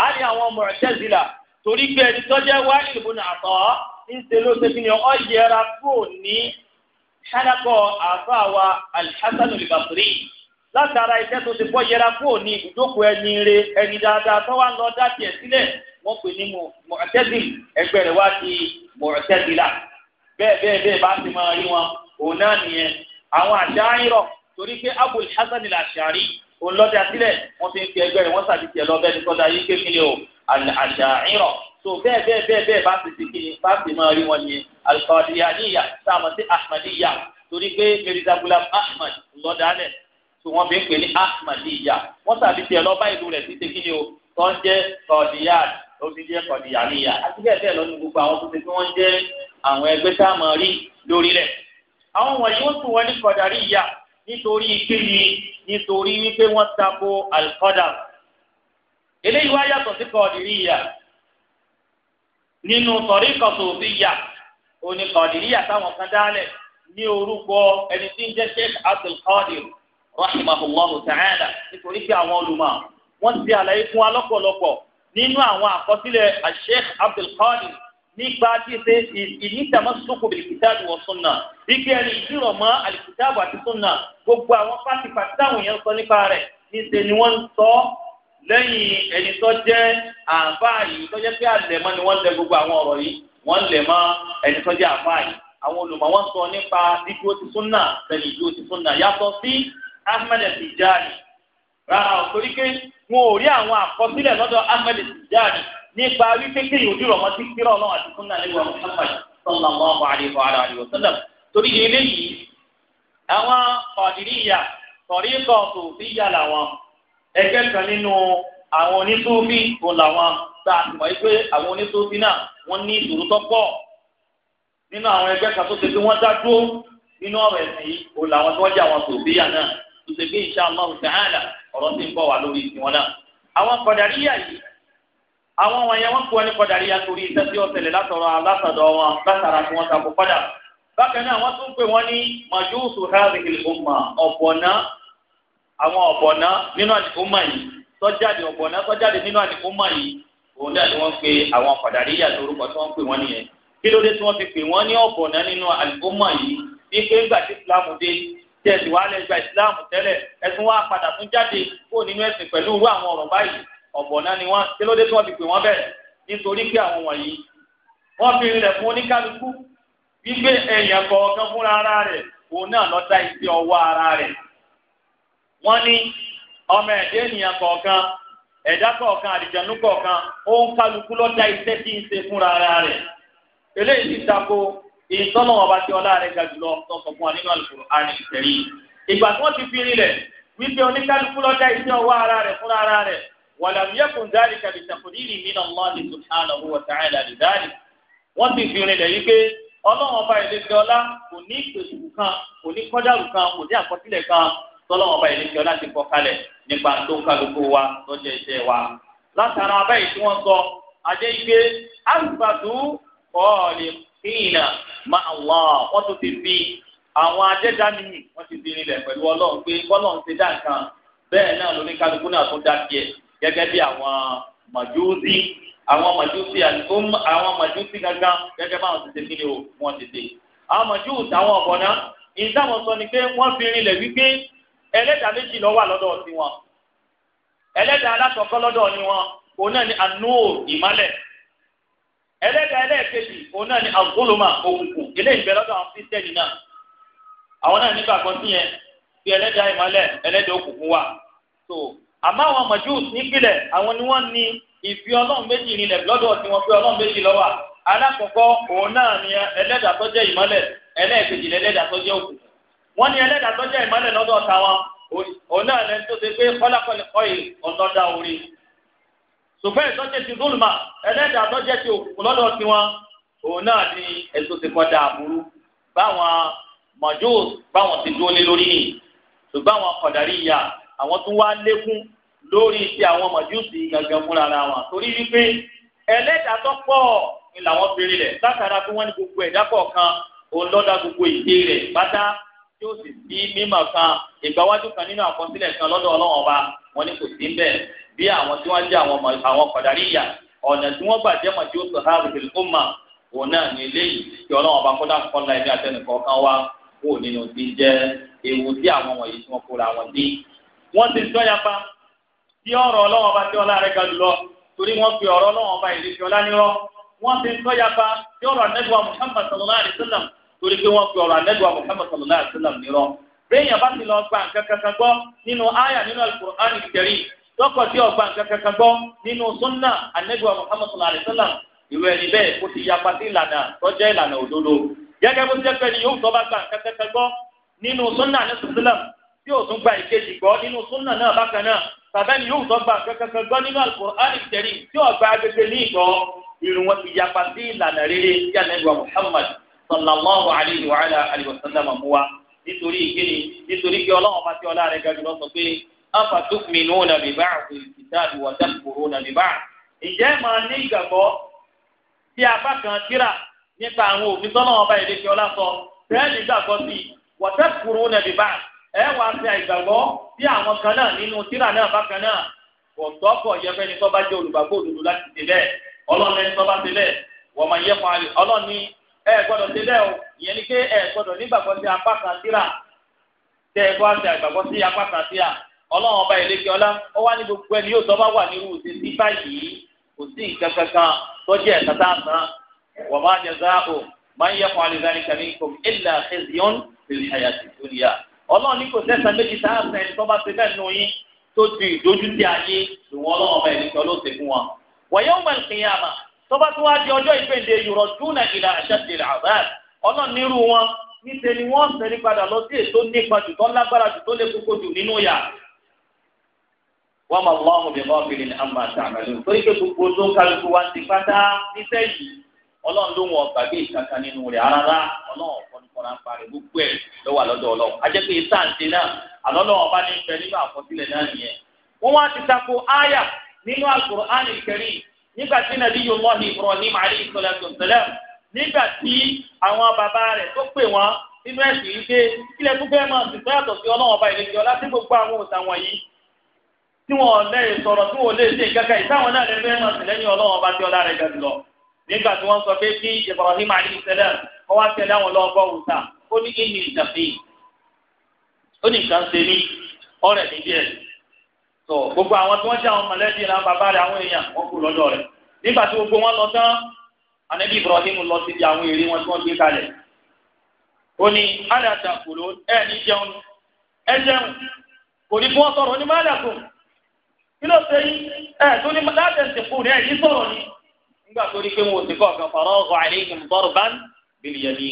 àárí àwọn Mu'tazila torí pé ẹni tó jẹ́ wáyé ìbò náà tọ́ ń ṣe ló ṣe kíni ọ yẹra kúrò ní ṣálákọ̀ àfáàwà Al-Hasan al látara iṣẹ́ tó ṣe fọ́ yẹra kúrò ní ìdókòó ẹni re ẹni dáadáa tó wá lọ dá tiẹ̀ sílẹ̀ wọ́n pè ní Mu'tazila ẹgbẹ́ rẹ̀ wá ti Mu'tazila bẹ́ẹ̀ bẹ́ẹ̀ bẹ́ẹ̀ bá ti máa rí wọn òun náà nìyẹn àwọn àṣà ń rọ̀ torí pé abul hasan al-ashari olọ́dẹ àtìlẹ̀ wọ́n ti ń fi ẹgbẹ́ rẹ̀ wọ́n sàbí tiẹ̀ lọ́bẹ̀ ní kọ́dà yìí ké kíni o al-asha'ira tó bẹ́ẹ̀ bẹ́ẹ̀ bẹ́ẹ̀ bẹ́ẹ̀ bá ti ti kíni bá ti máa rí wọn ni al-qadiriyya táwọn sí ahmadiyya torí pé mirza gulam ahmad lọ́dẹ alẹ̀ tó wọ́n fi ń pè ní ahmadiyya wọ́n sàbí tiẹ̀ lọ́bà ìlú rẹ̀ ti ti kíni o tó ń jẹ́ kọ̀díyà ó ti jẹ́ kọ̀díyàníyà àti bẹ́ẹ̀ bẹ́ẹ̀ lọ́nu nítorí kíni nítorí wípé wọ́n tako alikọ́dà eléyìí wá yàtọ̀ sí kọ̀ọ̀dìríyà nínú sọ̀rí kọ̀sọ̀fìyà òní kọ̀ọ̀dìríyà táwọn kan dálẹ̀ ní orúkọ ẹni tí ń jẹ́ sheikh abdulkadir rahimahullahu ta'ala nítorí pé àwọn olùmọ̀ wọ́n ti àlàyé fún wa lọ́pọ̀lọpọ̀ nínú àwọn àkọsílẹ̀ sheikh abdulkadir nípa ṣíṣe ìnítàmọ́sókò bìlìkìtàbù wọ̀ súnà wípé ẹni ìdírọ̀ mọ́ àlìkìtàbù àti súnà gbogbo àwọn pátipàtì táwọn èèyàn sọ nípa rẹ̀ níṣe ni wọ́n ń sọ lẹ́yìn ẹni tó jẹ́ àáfàá tó jẹ́ pé àlẹ̀mọ́ ni wọ́n lẹ gbogbo àwọn ọ̀rọ̀ yìí wọ́n lẹ̀ mọ́ ẹni tó jẹ́ àáfàá yìí àwọn olùmọ̀ wọ́n sọ nípa dídúró ti súnà lẹ́yìn ìdúró ti súnà yàtọ̀ sí Ahmed Tijani rárá òtórí pé wọn ò rí àwọn àkọsílẹ̀ lọ́dọ̀ Ahmed Tijani nípa wípé kéèyàn ojú rọ̀ mọ́ sí kíra ọlọ́run àti súnà nígbà Muhammad sallallahu alayhi wa alayhi wa sallam torí eléyìí àwọn Qadiriyya tọ̀ríkọ̀ Sufiyya làwọn ẹgbẹ́ kan nínú àwọn onísúfí kò làwọn gba àtìmọ́ yìí pé àwọn onísúfí náà wọ́n ní ìṣòro tó pọ̀ nínú àwọn ẹgbẹ́ kan tó ṣe pé wọ́n dá nínú ọ̀rọ̀ ẹ̀sìn yìí kò làwọn tí jẹ́ àwọn Sufiyya náà tó ṣe pé insha Allah ta'ala ọ̀rọ̀ ti ń bọ̀ wá lórí ìsìn wọn náà àwọn Qadiriyya yìí àwọn wọ̀nyẹn wọ́n kú wọn ní kọdàríyà torí iṣẹ́ tí ó tẹ̀lé látọ̀rọ̀ alásàdọ̀ wọn látara tí wọ́n takò kọ́dà bákan náà wọ́n tún pè wọ́n ní majusu hadhihi umma ọ̀bọ̀nà àwọn ọ̀bọ̀nà nínú àdìgúnmà yìí sọ́jáde ọ̀bọ̀nà sọ́jáde nínú àdìgúnmà yìí òun náà ni wọ́n pe àwọn kọdàríyà lórúkọ tí wọ́n pè wọ́n nìyẹn kí ló dé tí wọ́n fi pè wọ́n ní ọ̀bọ̀nà nínú àdìgúnmà yìí bí pé ńgbà tí islam dé tí ẹ̀sìn islam tẹ́lẹ̀ ẹ̀sìn wàá padà tún jáde kó nínú ẹ̀sìn pẹ̀lú irú àwọn ọ̀rọ̀ báyìí ọ̀bọ̀nà ni wọ́n kí ló dé tí wọ́n fi pè wọ́n bẹ́ẹ̀ nítorí pé àwọn wọ̀nyí wọ́n fi rinlẹ̀ fún oníkálukú wípé ẹ̀yà kọ̀ọ̀kan fúnra ara rẹ̀ òun náà lọ dá iṣẹ́ ọwọ́ ara rẹ̀ wọ́n ní ọmọ ẹ̀dá ènìyàn kọ̀ọ̀kan ẹ̀dá kọ̀ọ̀kan àdìjẹ̀nú kọ̀ọ̀kan òun kálukú lọ dá iṣẹ́ tí ń ṣe fúnra ara rẹ̀ eléyìí ti tako ìtọ́nà ọba tí ọlá rẹ̀ ga jùlọ sọ fún wa nínú Al-Qur'an al ìgbà tí wọ́n ti fi rinlẹ̀ wípé oníkálukú lọ dá iṣẹ́ ọwọ́ ara rẹ̀ fúnra ara rẹ̀ ولم يكن ذلك بتقدير من الله سبحانه وتعالى لذلك wọ́n ti fi rinlẹ̀ yìí pé ọlọ́run ọba ìlẹ́sẹ̀ ọlá kò ní ìpèsè kan kò ní kọ́dàrú kan kò ní àkọsílẹ̀ kan tọ́lọ́run ọba ìlẹ́sẹ̀ ọlá ti kọ́ kalẹ̀ nípa tó ń kálukú wa lọ́jọ́ iṣẹ́ wa. látara ọba yìí tí wọ́n sọ adé ike alùpàdù kọ́ọ̀lì kíyìnà máa wà wọ́n tún ti fi àwọn adẹ́dáni wọ́n ti fi rinlẹ̀ pẹ̀lú ọlọ́run pé bọ́lọ́run ti dá nǹkan bẹ́ẹ̀ náà gẹ́gẹ́ bí àwọn màjúsí àwọn màjúsí um, àwọn màjúsí gangan gẹ́gẹ́ báwọn ti ṣe kí ni o wọ́n ti ṣe. àwọn màjúsí àwọn ọ̀bọ̀nà ìdáhùn sọ ni pé wọ́n fi rinlẹ̀ wípé ẹlẹ́dàá méjì ló wà sí wọn ẹlẹ́dàá alákọ̀ọ́kọ́ lọ́dọ̀ ni wọn òun náà ni anúhò ìmálẹ̀ ẹlẹ́dàá ẹlẹ́ẹ̀kejì òun náà ni agoloma òkùnkùn eléyìí bẹ lọ́dọ̀ àwọn kristẹni náà àwọn náà nígbàgbọ́ sí yẹn bí ẹlẹ́dàá ìmálẹ̀ ẹlẹ́dàá òkùnkùn wà tó àmọ́ àwọn majus nípìnlẹ̀ àwọn ni wọ́n ní ìfi ọlọ́run méjì nílẹ̀ lọ́dọ̀ tí wọ́n fi ọlọ́run méjì lọ́wọ́ alákọ̀ọ́kọ́ òun náà ni ẹlẹ́dàá tó jẹ́ ìmọ́lẹ̀ ẹlẹ́ẹ̀kejì lẹ́lẹ́dàá tó jẹ́ òkùnkùn wọ́n ní ẹlẹ́dàá tó jẹ́ ìmọ́lẹ̀ lọ́dọ̀ táwọn òun náà lẹ́ni tó ṣe pé kọ́lákọ́lẹ́kọ́ yìí ọ̀dọ́dá orí ṣùgbọ́n ìtọ́jẹ́ ti zulma ẹlẹ́dàá tó jẹ́ ti òkùnkùn lọ́dọ̀ tiwọn ni ẹ̀sùn ti kọjá àbúrú báwọn majus báwọn ti dúró lé lórí nìyí ṣùgbọ́n àwọn kọ̀dàrí ìyá àwọn tún wá lékún lórí ti àwọn màjúsì gangan fúnra ra wọn torí wípé ẹlẹ́dàá tó pọ̀ ni làwọn fèrè rẹ̀ látara pé wọ́n ní gbogbo ẹ̀dá kọ̀ọ̀kan òun lọ́dà gbogbo ìdí rẹ̀ pátá tí ó sì sí mímọ̀ kan ìgbàwájú kan nínú àkọsílẹ̀ kan lọ́dọ̀ ọlọ́wọ́n ọba wọn ni kò sí ń bẹ̀ bí àwọn tí wọ́n jẹ́ àwọn kọ̀dáríyà ọ̀nà tí wọ́n gbàjẹ́ mọ̀ tí ó sọ ha rìbìlì ó mà òun náà ní eléyìí yapa tí ọ̀rọ̀ ọlọ́run ọba tí ọlá rẹ̀ ga jùlọ torí wọ́n fi ọ̀rọ̀ ọlọ́run ọba ìlú ìfiọ́lá nírọ́ wọ́n ti ń tọ́ya pa tí ọ̀rọ̀ anẹ́gbà Muhammad sallallahu alayhi wa sallam torí pé wọ́n fi ọ̀rọ̀ anẹ́gbà Muhammad sallallahu alayhi wa sallam nírọ́ bẹ́ẹ̀yàn bá ti lọ gba nǹkan kankan gbọ́ nínú àyà nínú al-Qur'an al-Karim lọ́kọ̀ tí ọ̀gbà nǹkan kankan gbọ́ nínú sunna anẹ́gbà Muhammad sallallahu alayhi wa sallam ìwé ẹni bẹ́ẹ̀ kó ti yapa sí ìlànà tọ́jẹ́ ìlànà òdodo gẹ́gẹ́ bó ti jẹ́ sunna anẹ́sùn sílẹ̀ tí ò tún sunna náà bákan tàbẹ́ni yóò tọ́ gba kankan gbọ́ nínú Al-Qur'an Al-Karim tí ọ̀gá agbègbè ní ìtọ́ irun wọn ti yapa sí ìlànà rere tí Ànábì Muhammad sallallahu alayhi wa alayhi wa sallam mu wa nítorí ìkíni nítorí kí ọlọ́run máa ti ọlá rẹ̀ ga jùlọ sọ pé afatu'minuna bi ba'dil kitabi wa takfuruna bi ba'd. ǹjẹ́ máa ní ìgbàgbọ́ tí apá kan kíra nípa àwọn òfin tọ́lọ́wọ́n bá ìdíje ọlá sọ bẹ́ẹ̀ nígbàgbọ́ sí wa takfuruna bi ba'd ẹ wàá fi àìgbàgbọ́ bí àwọn kan náà nínú tírà náà bákan náà kò tọ́kọ̀ yẹfẹ́ ni tọ́ba jẹ́ olùgbàgbọ́ òdodo láti ṣe bẹ́ẹ̀ ẹni ṣe bẹ́ẹ̀ ni ẹ gbọ́dọ̀ o ìyẹn ni pé ẹ gbọ́dọ̀ nígbàgbọ́ sí apá kan tírà tẹ ẹ ọba ìlẹ́kẹ́ ọlá ó wá ní gbogbo ẹni yóò wà sí báyìí kò sí nǹkan kankan tọ́jú ẹ̀ wọ́n máa ọlọ́run ní kò sẹ́sàn méjì tá a sẹ́ ẹni tó bá ti bẹ́ẹ̀ nù yín tó ju ìdójú ti ayé ṣùgbọ́n ọlọ́run ọba ẹ̀nìkan ló ṣe fún wọn. wọ̀nyẹ́ wọn kì í àmà tó bá tún wá di ọjọ́ ìpèndé yòrò dúnà ìlà àṣàṣe àbáàd ọlọ́run nírú wọn níṣẹ́ ni wọ́n sẹ́ni padà lọ sí èso nípa jù tó lágbára jù tó lè kókó jù nínú yà. wọ́n máa wọ́n ọmọ bíbá obìnrin àmà àtàmàlú torí pé gbogbo tó ń kọ́ra ń parí gbogbo ẹ̀ ló wà lọ́dọ̀ ọlọ́run a jẹ́ pé sáǹtì náà àlọ́ lọ́wọ́ bá ní bẹ nínú àkọsílẹ̀ náà nìyẹn wọ́n wá ti tako áyà nínú Al-Qur'an al-Karim nígbà tí Nabiyullah Ibrahim alayhi salatu wassalam nígbà tí àwọn bàbá rẹ̀ tó pè wọ́n nínú ẹ̀sìn yìí pé kílẹ̀ tó fẹ́ máa sì fẹ́yàtọ̀ sí ọlọ́wọ́n ọba ìlẹ́jọ́ láti gbogbo àwọn òòtà wọ̀nyí tí wọ́n lè sọ̀rọ̀ tí wọ́n lè ṣe ìkẹ́kẹ́ ìtàwọn náà lè fẹ́ máa sì lẹ́yìn ọlọ́wọ́n ọba tí ọlá rẹ̀ gàdúrà nígbà tí wọ́n sọ pé kí Ibrahim alayhi salam kọ́ wá tẹ̀lé àwọn lọ́wọ́ bọ́ọ̀lù ta ó ní ìní ìdàpé ó ní nǹkan ṣe ní ọ̀rẹ́ mi díẹ̀ tó gbogbo àwọn tí wọ́n ṣe àwọn mọ̀lẹ́bí ìlànà bàbá rẹ̀ àwọn èèyàn wọ́n kú lọ́dọ̀ rẹ̀ nígbà tí gbogbo wọn lọ tán anabi Ibrahim lọ síbi àwọn ère wọn tí wọ́n gbé kalẹ̀ ó ní aláta kòló ẹ ní jẹun ẹ jẹun kò ní fún ọ sọ̀rọ̀ ní má dàkùn kí ló ṣe yín ẹ tó ní látẹ̀sìn fún rẹ̀ yìí sọ̀rọ̀ ni nígbà tó rí pé wọn ò sí kọ̀ọ̀kan fọ̀rọ̀ ọ̀gọ̀ àlẹ́yìn bọ́rọ̀bán bìlìyàní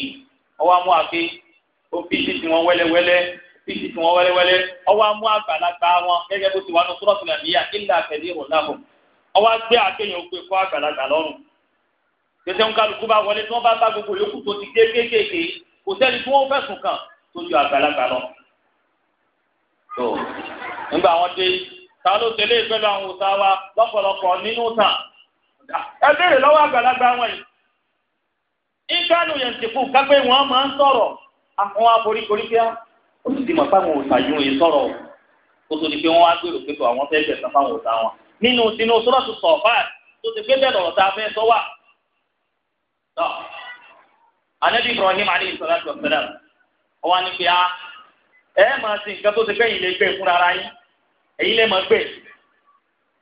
ọwọ́ amú àfi ó fi sí tiwọn wẹ́lẹ́wẹ́lẹ́ fi sí tiwọn wẹ́lẹ́wẹ́lẹ́ ọwọ́ amú àgbàlagbà wọn gẹ́gẹ́ bó ti wà ní sọ́rọ́sì nàìjíríà ilà àtẹ̀lé ìrọ̀láhùn ọwọ́ agbé àkéyàn ó pé kọ́ àgbàlagbà lọ́rùn tètè ń kálukú bá wọlé tí wọ́n bá bá gbogbo yòókù tó ti dé kéékèèké kò sẹ́ni tí wọ́n fẹ̀sùn kàn tó ju àgbàlagbà lọ. nígbà wọn dé ta ló tẹ̀lé pẹ̀lú àwọn òòṣà wa lọ́pọ̀lọpọ̀ nínú tàn ẹ béèrè lọ́wọ́ àgbàlagbà wọn yìí ìkànnì yẹn ti fún kápẹ́ wọn máa ń sọ̀rọ̀ àwọn aboríkorí pé ó sì ti mọ̀ fáwọn òṣàyún yìí sọ̀rọ̀ kó tó di pé wọ́n á gbèrò pé tó àwọn fẹ́ẹ́ gbẹ̀sán fáwọn òṣà wọn nínú tinú sọ́rọ̀ tó sọ̀ fáà tó ti gbé bẹ́ẹ̀ lọ́rọ̀ tá a fẹ́ sọ wà. anabi ibrahim aleyhi salatu wa salam ọwọ́ ni pé a ah, ẹ máa sin nǹkan tó ti fẹ́ yìí lè gbé fúnra ara yín èyí lè máa gbé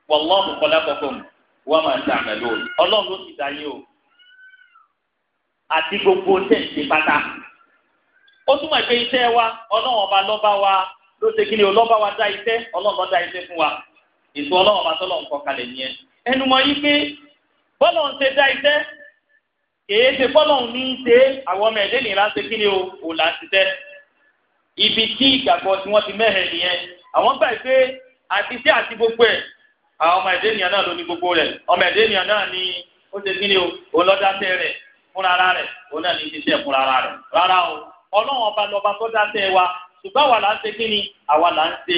wàlláhu kọ́lá kọ́kọ́ mu wọ́n máa ta àmàlò ọlọ́run ló ti dáyé o àti gbogbo tẹ̀sí pátá ó túmọ̀ pé iṣẹ́ wa ọlọ́run ọba lọ́ba wa ló ṣe kí ni ọlọ́ba wa dá iṣẹ́ ọlọ́run ló dá iṣẹ́ fún wa ètò ọlọ́run ọba tọ́lọ́run kọ kalẹ̀ nìyẹn ẹnu mọ̀ yí pé bọ́lọ̀ ń ṣe dá iṣẹ́ kèé ṣe bọ́lọ̀ ń ní í ṣe àwọn ọmọ ẹ̀dẹ́ nìyẹn láti kí ni o ò là ń ṣiṣẹ́ ibi tí ìgbàgbọ́ tí wọ́n ti mẹ́hẹ̀ nìyẹn àwọn gbà pé àti àti gbogbo ẹ̀ àwọn ọmọ ẹ̀dẹ́ ènìyàn náà ló ní gbogbo rẹ̀ ọmọ ẹ̀dẹ́ ènìyàn náà ní ó ṣe kí ni o òun lọ́ọ́ dáṣẹ́ rẹ̀ fúnra rẹ̀ òun náà ní ṣiṣẹ́ fúnra rẹ̀ rárá o ọlọ́run ọba lọ́ba tó dáṣẹ́ wa ṣùgbọ́n àwa là ń ṣe kí ni àwa là ń ṣe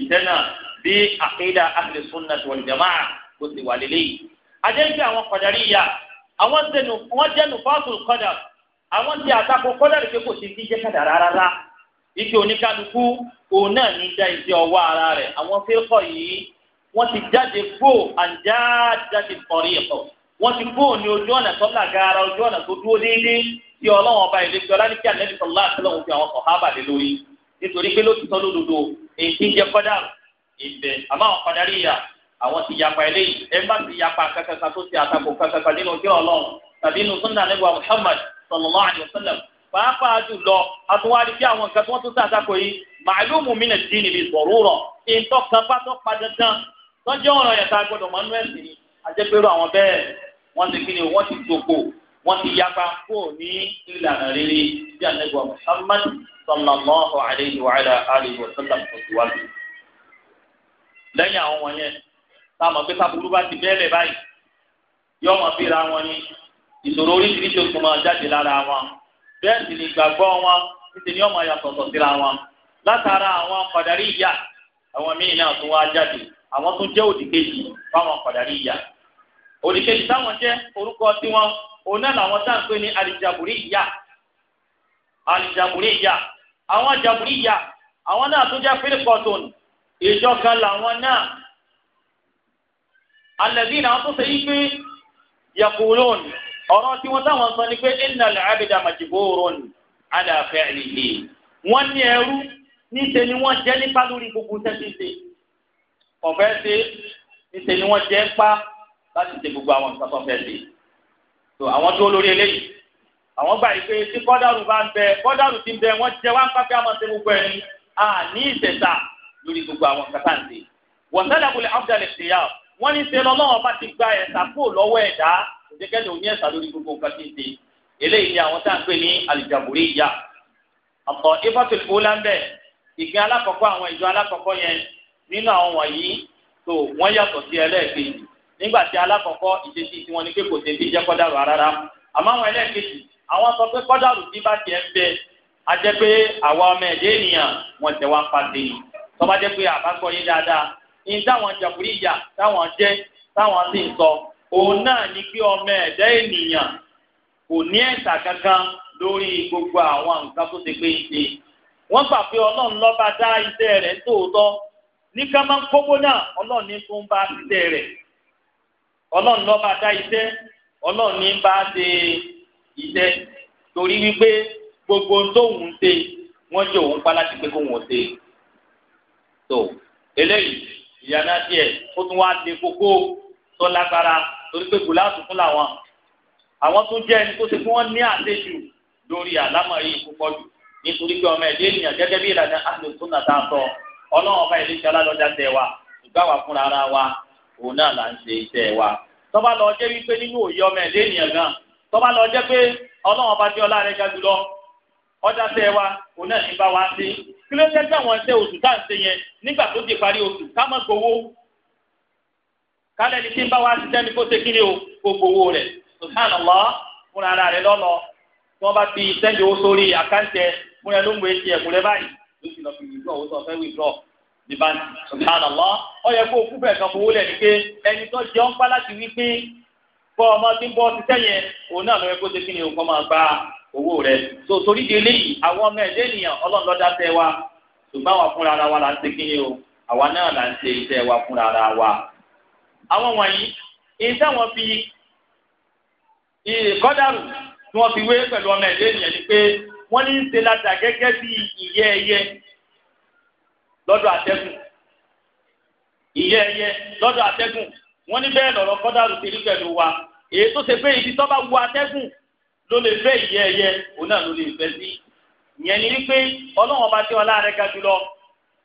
ìṣẹ́ náà bí àkéèdà ahli sunnah wal jamaa kò sì wà lélẹ́yìí. ajé ń gbé àwọn Qadariyya àwọn wọ́n jẹ́ nufatul qadar àwọn ti àtakò kọ́dà rẹ̀ pé kò sí jíjẹ́ rárá ike oníkálukú òun náà ní dá iṣẹ́ ọwọ́ ara rẹ̀ àwọn fẹ́kọ̀ yìí wọ́n ti jáde kó àjájáde kọ̀rí ẹ̀kọ́ wọ́n ti kó ní ojú ọ̀nà tó lágara ojú ọ̀nà tó dúró déédéé tí ọlọ́wọ́n ọba ìlẹ́jọ́ ọlánìkí àlẹ́bí sọ̀lá àtẹ́lẹ́wọ̀n fi àwọn sọ̀hábà lé lórí nítorí pé lótìtọ́ lódodo èyí ti ń jẹ kọ́dà ìbẹ̀ àmọ́ àwọn padà rí ya àwọn ti yapa eléyìí ẹ bá ti yapa kankankan tó ti àtakò kankankan nínú ojú ọlọ́run tàbí nínú sunna nígbà Muhammad sallallahu alaihi wasallam pàápàá jùlọ àtúwárí bí àwọn nǹkan tí wọ́n tún sàtakò yìí màálùmù mí nà dín níbi sọ̀rọ̀ rọ̀ ìtọ́kànpá tó padà tán tọ́jú ọ̀ràn yẹn tá a gbọ́dọ̀ mọ́ nínú ẹ̀sìn ajẹ́pẹ́rọ àwọn bẹ́ẹ̀ wọ́n ti kíni wọ́n ti gbogbo wọ́n ti yapa kó ní ìlànà rere bí anagba Muhammad sallallahu alayhi wa ala alihi wa sallam ọ̀sùwàlù. lẹ́yìn àwọn wọ̀nyẹn táwọn pé sábúrú bá ti bẹ́ẹ̀lẹ̀ báyìí yọ ọmọ fi wọn ni ìṣòro oríṣiríṣi oṣù máa jáde lára wọn bẹ́ẹ̀ sì ni ìgbàgbọ́ wọn títí ni ọmọ yàtọ̀tọ̀ síra wọn látara àwọn Qadariyya àwọn míì náà tún wá jáde àwọn tó jẹ́ òdìkejì fáwọn Qadariyya òdìkejì táwọn jẹ́ orúkọ tiwọn òun náà làwọn tá à ń pè ní al-Jaburiyya al-Jaburiyya àwọn Jaburiyya àwọn náà tó jẹ́ firqatun ìjọ làwọn náà alladhina àwọn tó ṣe yí pé yaqulun ọ̀rọ̀ tí táwọn sọ ni pé innal abda majburun ala fi'lihi wọ́n ní ẹrú níṣẹ́ ni wọ́n jẹ́ nípa lórí gbogbo sẹ́sìn ọ̀fẹ́ ṣe níṣẹ́ ni wọ́n jẹ́ ń pa láti ṣe gbogbo àwọn nǹkan tó fẹ́ ṣe tó àwọn tó lórí eléyìí àwọn gbà yìí pé tí kọ́dàrú bá ń bẹ kọ́dàrú ti ń bẹ wọ́n jẹ́ wá ń pápẹ́ àmọ́ ṣe gbogbo ẹni à ní ìṣẹ̀ṣà lórí gbogbo àwọn nǹkan tá à ń ṣe wọ́n sẹ́lẹ̀ kò lè abdulai ṣe yá wọ́n ní ṣe lọ́wọ́ bá ti gba ẹ̀sà kúrò lọ́wọ́ ẹ̀dá òṣèkẹ́lẹ̀ òní ẹ̀sà lórí gbogbo nǹkan tí ń ṣe eléyìí ni àwọn tá à ń pè ní alìjàbùrí ìyá àtọ̀ ifatul kúlá ń bẹ ìgbín alákọ̀ọ́kọ́ àwọn ìjọ alákọ̀ọ́kọ́ yẹn nínú àwọn wọ̀nyí tó wọ́n yàtọ̀ sí ẹlẹ́ẹ̀kejì nígbà tí alákọ̀ọ́kọ́ ìṣesí tí wọn ní pé kò ṣe bí jẹ́ kọ́dàrú rárá àmọ́ àwọn ẹlẹ́ẹ̀kejì àwọn sọ pé kọ́dàrú tí bá tiẹ̀ ń bẹ pé àwa ọmọ ẹ̀dẹ́ ènìyàn wọ́n wá pa jẹ́ pé yín dáadáa ní táwọn ìyà táwọn jẹ́ táwọn sì ń sọ òun náà ni pé ọmọ gbogbo àwọn nǹkan tó ti pé wọ́n gbà pé ọlọ́run lọ́ba dá iṣẹ́ rẹ̀ ní ká máa ń kówó náà ọlọ́run ní tó ń bá iṣẹ́ rẹ̀ ọlọ́run lọ́ bá dá iṣẹ́ ọlọ́run ní bá ṣe iṣẹ́ torí wípé gbogbo tóun ṣe wọ́n jẹ́ òun pa láti pé kóun ò ṣe tó eléyìí ìyànà díẹ̀ ó tún wá lé kókó tó lágbára torí pé gùláàsì fún làwọn àwọn tó jẹ́ ẹni tó ṣe fún wọn ní àṣejù lórí àlámọ̀ yìí púpọ̀ jù nítorí pé ọmọ ẹ̀dẹ́ ènìyàn gẹ́gẹ́ bí ìlànà àlòsùn náà tá a sọ ọlọ́run ọba ìlẹ́sẹ̀ ọlọ́dọ̀já tẹ̀ wa ìgbàwà fúnra ara wa òun náà là ń ṣe iṣẹ́ wa. tọ́ba lọ jẹ́ wípé nínú òye ọmọ ẹ̀dẹ́ ènìyàn gan tọ́ba lọ jẹ́ pé ọlọ́run ọba tí ọlá rẹ̀ ga jùlọ ọjà tẹ̀ wa òun náà bá wa ṣe kí ló jẹ́ pé àwọn oṣù tá à ń ṣe yẹn nígbà tó ti parí oṣù ká gbowó kálẹ̀ kí n bá wa ṣiṣẹ́ ní kó ṣe kí ni o gbowó rẹ̀ subhanallah fúnra ara rẹ̀ lọ́nà tó sì lọ fi withdraw owó sọ fẹ́ withdraw ní báńkì subhanallah ọ yẹ kó kú bẹ́ẹ̀ kan fowó lẹ̀ ní pé ẹni tó jẹ́ ọ́n pa láti wí pé bọ́ ọmọ tí ń bọ́ ti tẹ́yẹ òun náà lọ́yẹ kó ṣe kí ni o kọ́ máa gba owó rẹ̀ tó torí di eléyìí àwọn ọmọ ẹ̀dẹ́ ènìyàn ọlọ́run lọ́dá tẹ́ wa ṣùgbọ́n àwa fúnra ara wa là ń ṣe kí ni o àwa náà là ń ṣe iṣẹ́ wa fúnra ara wa. àwọn wọ̀nyí èyí táwọn fi kọ́dàrú tí wọ́n fi wé pẹ̀lú ọmọ ẹ̀dẹ́ ènìyàn ni pé wọ́n ní ṣe ládà gẹ́gẹ́ bí ìyẹ́ ẹyẹ lọ́dọ̀ àtẹ́gùn ìyẹ́ ẹyẹ lọ́dọ̀ àtẹ́gùn wọ́n ní bẹ́ẹ̀ lọ̀rọ̀ kọ́dàrú ti rí pẹ̀lú wa èyí tó ṣe pé ibi tó bá wu àtẹ́gùn ló lè fẹ́ ìyẹ́ ẹyẹ òun náà ló lè fẹ́ sí ìyẹn ni wípé ọlọ́run ọba tí ọlá rẹ̀ ga jùlọ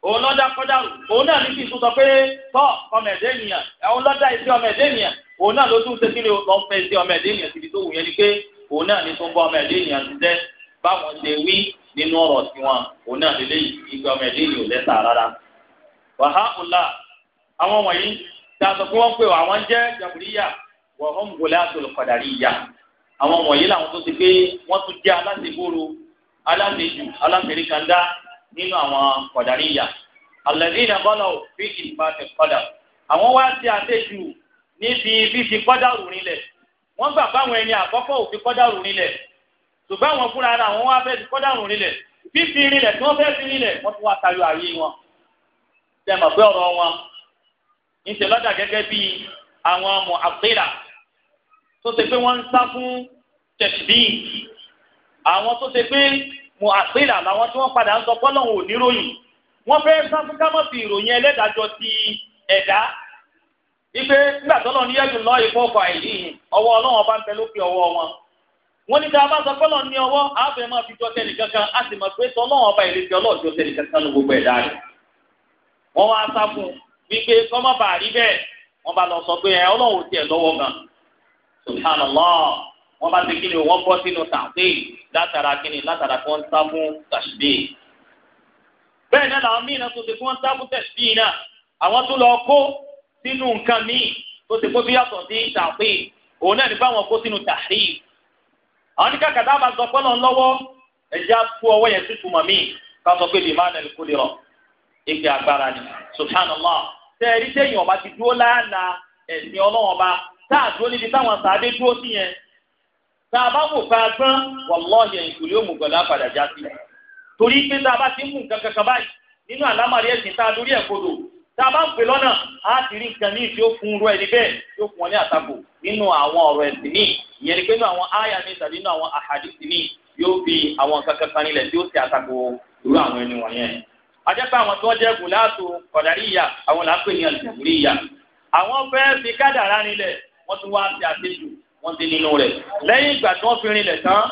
òun lọ́dà kọ́dàrú òun náà ní kí n tún sọ pé tọ́ ọmọ ẹ̀dẹ́ nìyẹn òun lọ́dà iṣẹ́ ọmọ ẹ̀dẹ́ nìyẹn òun náà ló tún ṣe kí ni lọ́ fẹ́ iṣẹ́ ọmọ ẹ̀dẹ́ nìyẹn síbi tó wù yẹn ni pé òun náà ní tó ń bọ́ ọmọ ẹ̀dẹ́ nìyẹn ti jẹ́ báwọn ṣe wí nínú ọ̀rọ̀ tiwọn òun náà lè léyìí ìgbà ọmọ ẹ̀dẹ́ yìí ò lẹ́sà rárá. wàhálà àwọn wọ̀nyí dáàtọ̀ fún wọn pé àwọn jẹ́ jàbùríyà wọ̀hún gbòlẹ́ àtòlùkọ̀dàríyà àwọn wọ̀nyí làwọn tó ti pé wọ́n tún jẹ́ aláṣẹ́gbòrò aláṣẹ́jù aláṣẹ́ríkandá nínú àwọn kọ̀dàríyà. alladhina balaw fi ìfàtẹ̀ ṣùgbọ́n àwọn fúnra ara wọn wá fẹ́ẹ́ kọ́ dàrún nílẹ̀ fífi nílẹ̀ tí wọ́n fẹ́ẹ́ fi nílẹ̀ wọ́n tún wá tayọ ààyè wọn tẹ̀mọ̀ pé ọ̀rọ̀ wọn ń ṣe lọ́dà gẹ́gẹ́ bí àwọn ọmọ àgbéra tó ṣe pé wọ́n ń sá fún tẹ̀síbíì àwọn tó ṣe pé mo àgbéra làwọn tí wọ́n padà ń sọ pọ́lọ́hún ò níròyìn wọ́n fẹ́ sá fún kámọ́sì ìròyìn ẹlẹ́dàjọ ti ẹ̀dá wípé nígbà tó lọ níyẹ́jú lọ́ ìfọ̀kọ̀ àìlíyìn ọwọ́ ọlọ́run ọba ń bẹ lókè ọwọ́ wọn wọ́n ní tá a bá sọ fọlọ́ ní ọwọ́ àbẹ̀ máa fi jọ́tẹ́ nìkan kan á sì mọ̀ pé tọ́lọ́wọ́n ọba ìlẹ́sẹ̀ ọlọ́ọ̀dún ọ̀tẹ́ nìkan kan ló gbogbo ẹ̀dá rẹ̀. wọ́n wá sá fún wípé kọ́mọ́ bá rí bẹ́ẹ̀ wọ́n bá lọ sọ pé ẹ ọlọ́run ò tiẹ̀ lọ́wọ́ gan. subhanallah wọ́n bá ti kíni wọ́n bọ́ sínú tàǹtì látara kíni látara kí wọ́n sá fún tàṣìbí. bẹ́ẹ̀ náà làwọn míì náà tó ti kí wọ́n sá fún tàṣìbí náà àwọn tó lọ kó sínú nǹkan míì tó ti kó bí yàtọ̀ sí tàǹtì òun náà nípa àwọn kó sínú tàṣìbí àwọn oníkà kàdá máa sọ pẹ́lú lọ́wọ́ ẹ̀jẹ̀ àpò ọwọ́ yẹn tútù mọ̀ mí ká sọ pé lè má nàlẹ́ kó lè rọ̀ agbára ni subhanallah tẹ sẹ́yìn ọba ti dúró láàlà ẹ̀sìn ọlọ́run ọba tá a dúró níbi táwọn sàádé dúró sí yẹn tá a bá wò gbọ́n torí pé tá a bá ti mú nǹkan kankan báyìí nínú àlámàrí tá a bá ń pè lọ́nà á ti rí nǹkan míì tí ó fún irú ẹni bẹ́ẹ̀ tí fún ọ ní àtakò nínú àwọn ọ̀rọ̀ ẹ̀sìn míì ìyẹn ni pé nínú àwọn àyà mi tàbí nínú àwọn àhàdìsì míì yóò fi àwọn nǹkan kankan nílẹ̀ tí ó ti àtakò irú àwọn ẹni wọ̀nyẹn. ajẹ́pẹ́ àwọn tí wọ́n jẹ́ gùláàtò kọ̀dáríyà àwọn làápè ní àlùjáfúríyà àwọn fẹ́ fi kádàrá nílẹ̀ wọ́n tún wá ti àtẹ́jù wọ́n ti nínú rẹ̀ lẹ́yìn ìgbà tí wọ́n fi rinlẹ̀ tán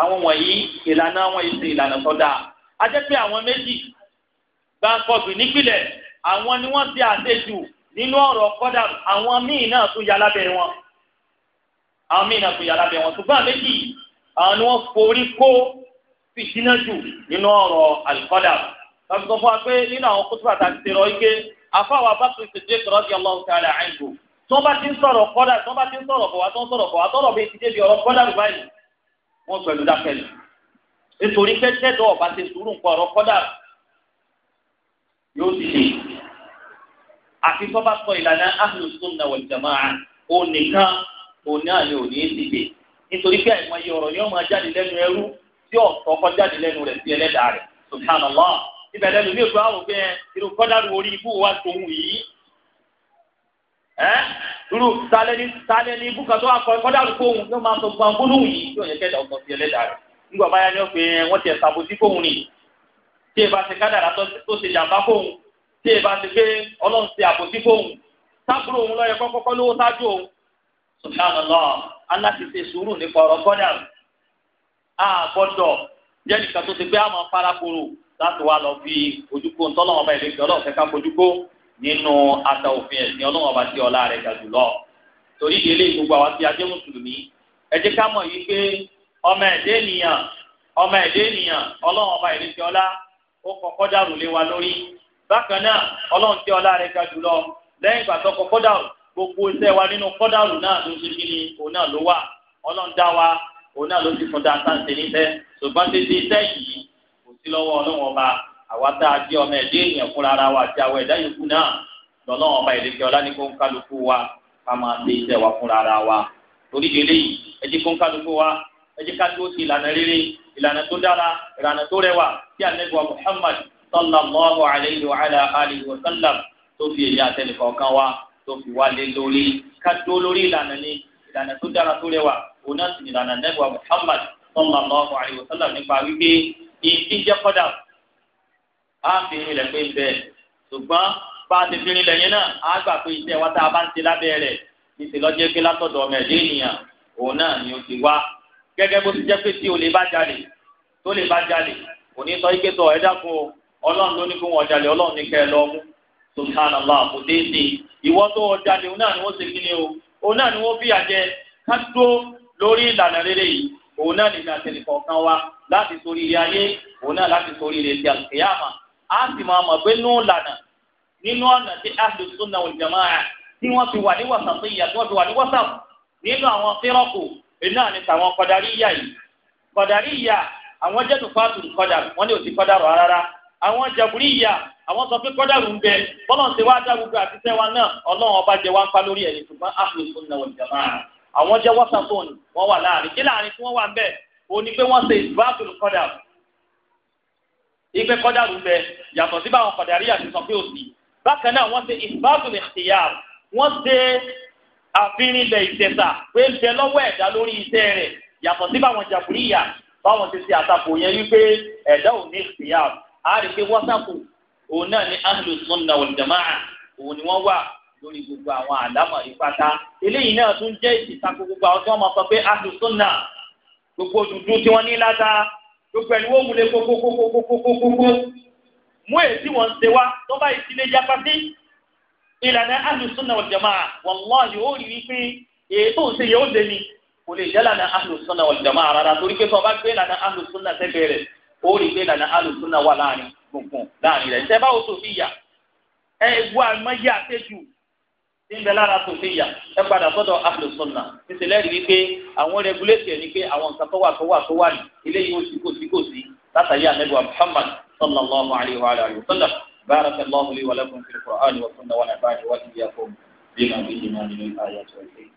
àwọn wọ̀nyí ìlànà àwọn ìsìn ìlànà sọ́dà a jẹ́ pé àwọn méjì gbàǹkọ̀bì nípìlẹ̀ àwọn ni wọ́n ti àṣejù nínú ọ̀rọ̀ kọ́dà àwọn míì náà tún yà lábẹ́ wọn àwọn míì náà tún yà lábẹ́ wọn ṣùgbọ́n méjì àwọn ni wọ́n forí kó fìdínà jù nínú ọ̀rọ̀ àlùkọ́dà lọ́sọ̀ fún wa pé nínú àwọn kótó àtàkì ti rọ ike afáwọn abáṣe ṣèjẹ́ kọ́dà yọ lọ́wọ́ kára àìkú tí wọ́n bá ti ń sọ̀rọ̀ kọ́dà tí wọ́n bá ti ń sọ̀rọ̀ kọ́wà tí wọ́n sọ̀rọ̀ kọ́wà tọ́rọ̀ bẹ́ẹ̀ ti débi ọ̀rọ̀ kọ́dà báyìí wọ́n sọ ìlú dákẹ́lì nítorí pé tẹ́tọ́ ọ̀bá ti sùúrù nǹkan ọ̀rọ̀ kọ́dà yóò ti lè àfi ìlànà sunna jamaa onìkan òní àlè òní ìdìbè nítorí pé àìmọye ọ̀rọ̀ yóò máa jáde lẹ́nu ẹrú tí ọ̀tọ̀ kọ́ jáde lẹ́nu rẹ̀ sí rẹ̀ subhanallah ibẹ̀ lẹ́nu mi ò tó àwọn òfin kọ́dà wa yìí irú talẹ́ni talẹ́ni ibùkàtọ́ akọ kọ́dà lóko òun yóò máa sọ gbàngbónú yìí yóò yẹ kẹ́dà ọkọ̀ sí ẹlẹ́dà rẹ̀ nígbà báyà ni ó pe wọ́n ti fóun ni tí ẹ bá ti kádàrà tó ṣe jàǹbá fóun tí ẹ bá ti pé ọlọ́run ṣe àbòsí fóun sábúrò òun lọ́yẹ kọ́kọ́kọ́ lówó sáájú òun subhanallah aláti ṣe sùúrù nípa ọ̀rọ̀ kọ́dà a gbọ́dọ̀ jẹ́ nìkan tó ti pé àmọ́ farakoro láti wá lọ fi ojúkó ntọ́lọ́mọba ìlẹ́gbẹ̀ọ́lọ́ nínú ata òfin ẹ̀sìn ọlọ́run ọba tí ọlá rẹ̀ ga jùlọ torí délé gbogbo àwa tí a jẹ́ mùsùlùmí ẹ jẹ́ ká mọ̀ yìí pé ọmọ ẹ̀dẹ́ ènìyàn ọmọ ẹ̀dẹ́ ènìyàn ọlọ́run ọba ìrètí ọlá ó kọ́kọ́ dàrú lé wa lórí bákan náà ọlọ́run tí ọlá rẹ̀ ga jùlọ lẹ́yìn ìgbà tó kọ́kọ́ dàrú gbogbo iṣẹ́ wa nínú kọ́dàrú náà ló ṣe kí ni òun náà ló wà ọlọ́run àwa tá a jẹ́ ọmọ ẹ̀dá èèyàn fúnra ara wa àti àwọn ẹ̀dá yòókù náà lọ́nà ọba ìlẹ́kẹ́ ọlá ní kó ń kálukú wa ká máa ṣe iṣẹ́ wa fúnra ara wa torí délé yìí ẹ jẹ́ kó ń kálukú wa ẹ jẹ́ ká tó ti ìlànà rere ìlànà tó dára ìlànà tó rẹwà tí ànábì Muhammad sallallahu alayhi wa ala alihi wa sallam tó fi èyí àtẹnìkọ̀ọ̀kan wa tó fi wá lé lórí ká tó lórí ìlànà ni ìlànà tó dára tó rẹwà òun náà sì ìlànà ànábì Muhammad sallallahu alayhi wa sallam nípa wípé ìdíjẹ́ kọ́dà á fi rinlẹ̀ pé bẹ́ẹ̀ ṣùgbọ́n bá a ti fi rinlẹ̀ yẹn náà á gbà pé iṣẹ́ wa tá a bá ń ṣe lábẹ́ rẹ̀ ní ti lọ́jọ́ pé látọ̀dọ̀ ọmọ ẹ̀dẹ́ ènìyàn òun náà ni ó ti wá gẹ́gẹ́ bó ti jẹ́ pé tí o lè bá jalè tó lè bá jalè kò ní sọ ike tó ẹ̀dá fún o ọlọ́run ló ní kó wọn jalè ọlọ́run ní kẹ́ ẹ lọ mú subhanallah kò dé sí i ìwọ tó wọn jalè òun náà ni wọ́n ṣe kí ni o òun náà ni wọ́n fi àjẹ ká dúró lórí ìlànà rere yìí òun náà lè ní àtẹnìkọ̀ọ̀kan wa láti sórí ilé ayé òun náà láti sórí ilé ti àlùkìyàmà á sì máa mọ̀ pé nú lànà nínú ọ̀nà tí ahlus sunna wal jamaa tí wọ́n fi wà ní wasatiyya tí wọ́n fi wà ní wasat nínú àwọn fírọ́kù iná ni tàwọn kọ̀dáríyà yìí kọ̀dáríyà àwọn jẹ́nu fáàtùn kọ̀dà wọ́n ní òsì kọ̀dà rọ̀ rárá àwọn jàbúríyà àwọn sọ pé kọ́dà ló ń bẹ bọ́lá ṣe wá dá àti sẹ́wà náà ọlọ́run ọba jẹ wá ń pa lórí ìgbẹ́ kọ́dàrú bẹ yàtọ̀ sí báwọn kọ̀dàrí àti sọ pé òsì bákan náà wọ́n ṣe ìfàdùn ìṣìyàr wọ́n ṣe àfinilẹ̀ ìṣẹ̀ṣà pé ń bẹ lọ́wọ́ ẹ̀dá lórí iṣẹ́ rẹ̀ yàtọ̀ sí báwọn jàbúríyà báwọn ti ṣe àtakò yẹn wípé ẹ̀dá ò ní ìṣìyàr á pé wọ́sàkù òun náà ní ahlu sunna wal jamaa òun ni wọ́n wà lórí gbogbo àwọn àdámọ̀ ìpátá eléyìí náà tún jẹ́ ìtàkùn gbogbo àwọn tí wọ́n máa sọ pé ahlu sunna gbogbo dúdú tí wọ́n ní látà gbogbo ẹni wọ́n múlẹ̀ kókókókókókókókó mú èyí tí wọ́n ń ṣe wá tó bá ìdílé yapa sí ìlànà ahlùsùnà wal jamaa wallahi ó rí i pé èyí tó ń ṣe yẹ ó lé ní kò lè jẹ́ lànà ahlùsùnà wal jamaa rárá torí pé tó bá gbé lànà ahlùsùnà sẹ́gbẹ̀ẹ́ rẹ̀ ó rí i pé lànà ahlùsùnà wà láàrin gbùngbùn láàrin rẹ̀ ṣẹ́ bá o sòfin yà ẹ̀ gbọ́ àmọ́ yà tẹ́jú tí ń bẹ lára tó fi yà ẹ padà sọ́dọ̀ afilosọnà nítorí rí wípé àwọn rẹgulétì ẹ ní pé àwọn nǹkan tó wà tó wà tó wà ní eléyìí ó sì kò sí kò sí látàrí ànábì muhammad sallallahu alayhi wa alayhi wa sallam بارك الله لي ولكم في القرآن والسنة ونفعني وإياكم بما فيهما من الآيات والحكمة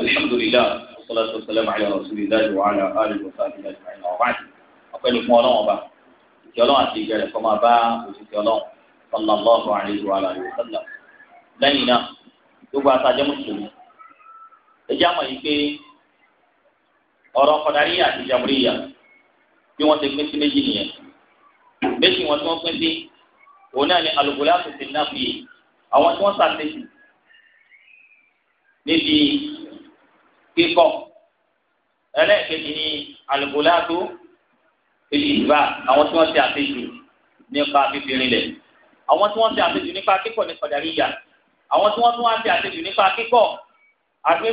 الحمد لله والصلاة والسلام على رسول الله وعلى آله وصحبه أجمعين وبعد ọpẹlẹ fún Ọlọ́run ọba ìkẹ́ Ọlọ́run àti ìgbẹrẹ kọ máa bá òṣìṣẹ́ Ọlọ́run sallallahu alayhi wa alayhi wa sallam lẹ́yìn náà gbogbo àtàjẹ mùsùlùmí ẹjẹ àmọ́ yìí pé ọ̀rọ̀ kọdàríyà àti jàmúríyà bí wọn ti pín sí méjì nìyẹn méjì wọn tí wọn pín sí òun náà ni alùpùpù láti náà fi àwọn tí wọn sàtẹsì níbi kíkọ ẹlẹ́ẹ̀kejì ni alùpùpù láti èyí ìgbà àwọn tí wọ́n ṣe àṣejù nípa fífi rinlẹ̀ àwọn tí wọ́n ṣe àṣejù nípa kíkọ̀ ní kọ̀dáríyà àwọn tí wọ́n tún wá ṣe àṣejù nípa kíkọ̀ àwọn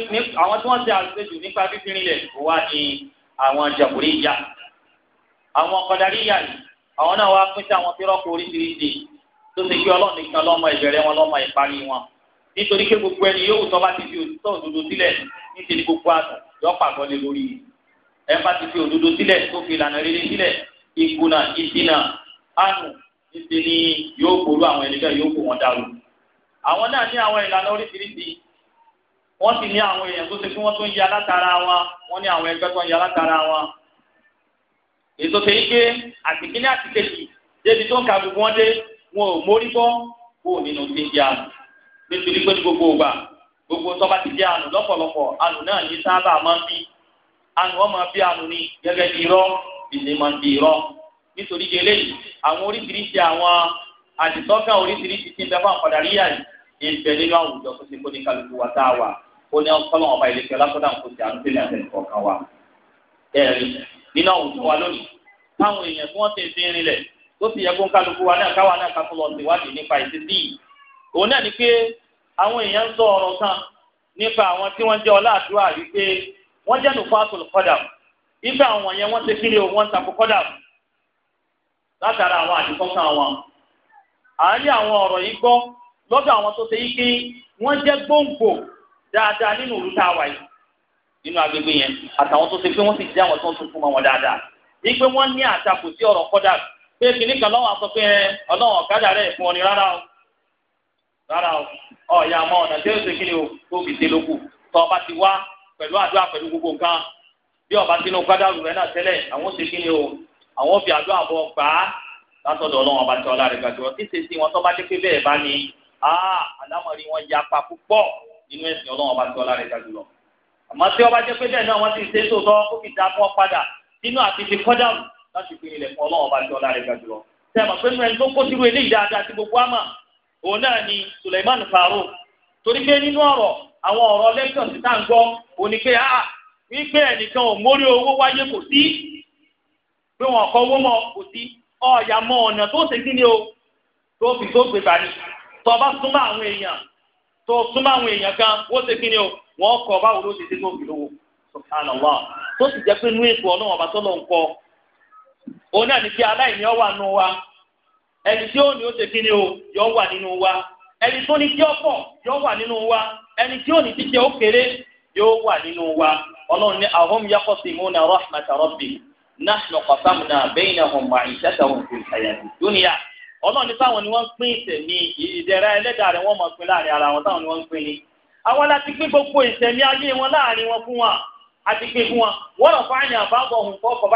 tí wọ́n ṣe àṣejù nípa fífi rinlẹ̀ wà ní àwọn jàbúríyà àwọn kọ̀dáríyà yìí àwọn náà wá pín sí àwọn fírọ́kù oríṣiríṣi tó ṣe kí ọlọ́run nìkan lọ́mọ ìbẹ̀rẹ̀ wọn lọ́mọ ìparí wọn nítorí pé gbogbo ẹni yóò tọ́ bá ti fi òtítọ́ òdodo sílẹ̀ níṣẹ́ ni gbogbo àtọ̀ yọ pàgọ́ lé lórí yìí ẹ má ti fi òdodo sílẹ̀ kó fi ìlànà rere sílẹ̀ ìkùnà ìdínà àánú níṣẹ́ ni yóò kóró àwọn ẹni bẹ́ẹ̀ yóò kó wọn dàrú. àwọn náà ní àwọn ìlànà oríṣiríṣi wọ́n sì ní àwọn èèyàn tó ṣe kí wọ́n tó ń ya látara wọn wọ́n ní àwọn ẹgbẹ́ tó ń ya látara wọn. ètò tẹ̀ ike àtìkíní àtìkejì débi tó ń ka gbogbo wọn dé wọn ò mórí bọ́ kó nínú ti di àná nítorí pé gbogbo ògbà gbogbo tó ti di àná lọ́pọ̀lọpọ̀ àná náà ní sábà máa ń bí àánú wọn máa bí àánú ni gẹ́gẹ́ bí irọ́ ìdè máa ń di irọ́ nítorí délé àwọn oríṣiríṣi àwọn àdìsọ́kà oríṣiríṣi tí ń bẹ fún àpàdàrí yà yìí ń bẹ nínú àwùjọ tó ti kó ní kálukú wa tá a wà ó ní ọkọlọ́n ọba ìlẹ̀kẹ́ lákọ́dà ń kó ti àánú sílẹ̀ àtẹnì kọ̀ọ̀kan wa ẹ̀rí nínú àwùjọ wa lónìí táwọn èèyàn tí wọ́n ti fi rinlẹ̀ tó sì yẹ kó kálukú wa náà káwa náà kakú lọ síwádìí nípa ìsísí òun náà ni pé àwọn èèyàn ń sọ ọ̀rọ̀ kan nípa àwọn tí wọ́n jẹ́ ọlá àdúrà wípé wọ́n jẹ́ nufatul kọ́dàm ibẹ̀ àwọn yẹn wọ́n ti kíni o wọ́n takò kọ́dàm látara àwọn àdìkọ́kàn wọn. àárín àwọn ọ̀rọ̀ yìí gbọ́ lọ́dọ̀ àwọn tó ṣe yí pé wọ́n jẹ́ gbòǹgbò dáadáa nínú ìlú tá a wà yìí nínú agbègbè yẹn àtàwọn tó ṣe pé wọ́n sì jẹ́ àwọn tó ń tún fún wọn dáadáa. ìgbé wọn ní àtakò sí ọ̀rọ̀ kọ́dàm pé kìnnìkan lọ́wọ́ àsọ pé ọlọ́wọ́ ọ̀kadà rẹ̀ fún ọ ní rárá o rárá o ọ̀ya àmọ́ ọ̀nà tí ó ṣe kí ni o tó fi ṣe lókù tó ọba ti wá pẹ̀lú àdúrà pẹ̀lú gbogbo nǹkan bí ọba sínú gbádàrú rẹ náà tẹ́lẹ̀ àwọn ṣe kí ni o àwọn fi àdúrà bọ̀ gbà á látọ̀dọ̀ ọlọ́run ọba tí ọlá rẹ̀ gbàjọ títí sí wọn tó bá dé pé bẹ́ẹ̀ bá ní àlámọ̀rí wọn ya pa púpọ̀ nínú ẹ̀sìn ọlọ́run ọba tí ọlá rẹ̀ gbàjọ àmọ́ tí ọba jẹ́ pé bẹ́ẹ̀ náà wọ́n ti ṣe é sòtọ́ ó fi dá fún ọ padà nínú àti ti kọ́dàrú láti fi ilẹ̀ fún ọlọ́run ọba tí ọlá rẹ̀ gbàjọ lọ. tẹ́ ẹ mọ̀ pé nínú ẹni tó kó sírú eléyìí dáadáa tí gbogbo àmà òun náà ni Suleiman Farouk àwọn ọ̀rọ̀ lẹ́kàn tí nkwọ gbọ́ òní a ah, wípé ẹnìkan ò mórí owó wáyé kò sí pé wọn kọ owó mọ kò sí ọ̀ọ́yà o tó fi tó gbé bani tó bá súnmọ́ àwọn èèyàn tó súnmọ́ àwọn èèyàn kan wọ́n ṣe o wọn báwo ló ṣe ṣe tó fi lówó tó sì jẹ́ pé inú ètò ọba tó lọ ń wa ẹni tí ó ní o yọ wà nínú wa ẹni tó ní kí ọ pọ̀ ẹni tí ò ní jíjẹ ó kéré yóò wà nínú wa ọlọ́run ní ahum yaqsimuna rahmata rabbihim nahnu qasamna bainahum ma'ishatahum fil hayati dunya ọlọ́run ní táwọn ni wọ́n ń pín ìtẹ̀mí ìdẹ̀ra ẹlẹ́dàá rẹ̀ wọ́n mọ̀ pín láàrin ara wọn táwọn ni wọ́n ń pín ni àwọn láti pín gbogbo ìtẹ̀mí ayé wọn láàrin wọn fún wa àti pín fún wa wọ́n lọ fáwọn àbábọ̀ ọ̀hún fọ́kọ̀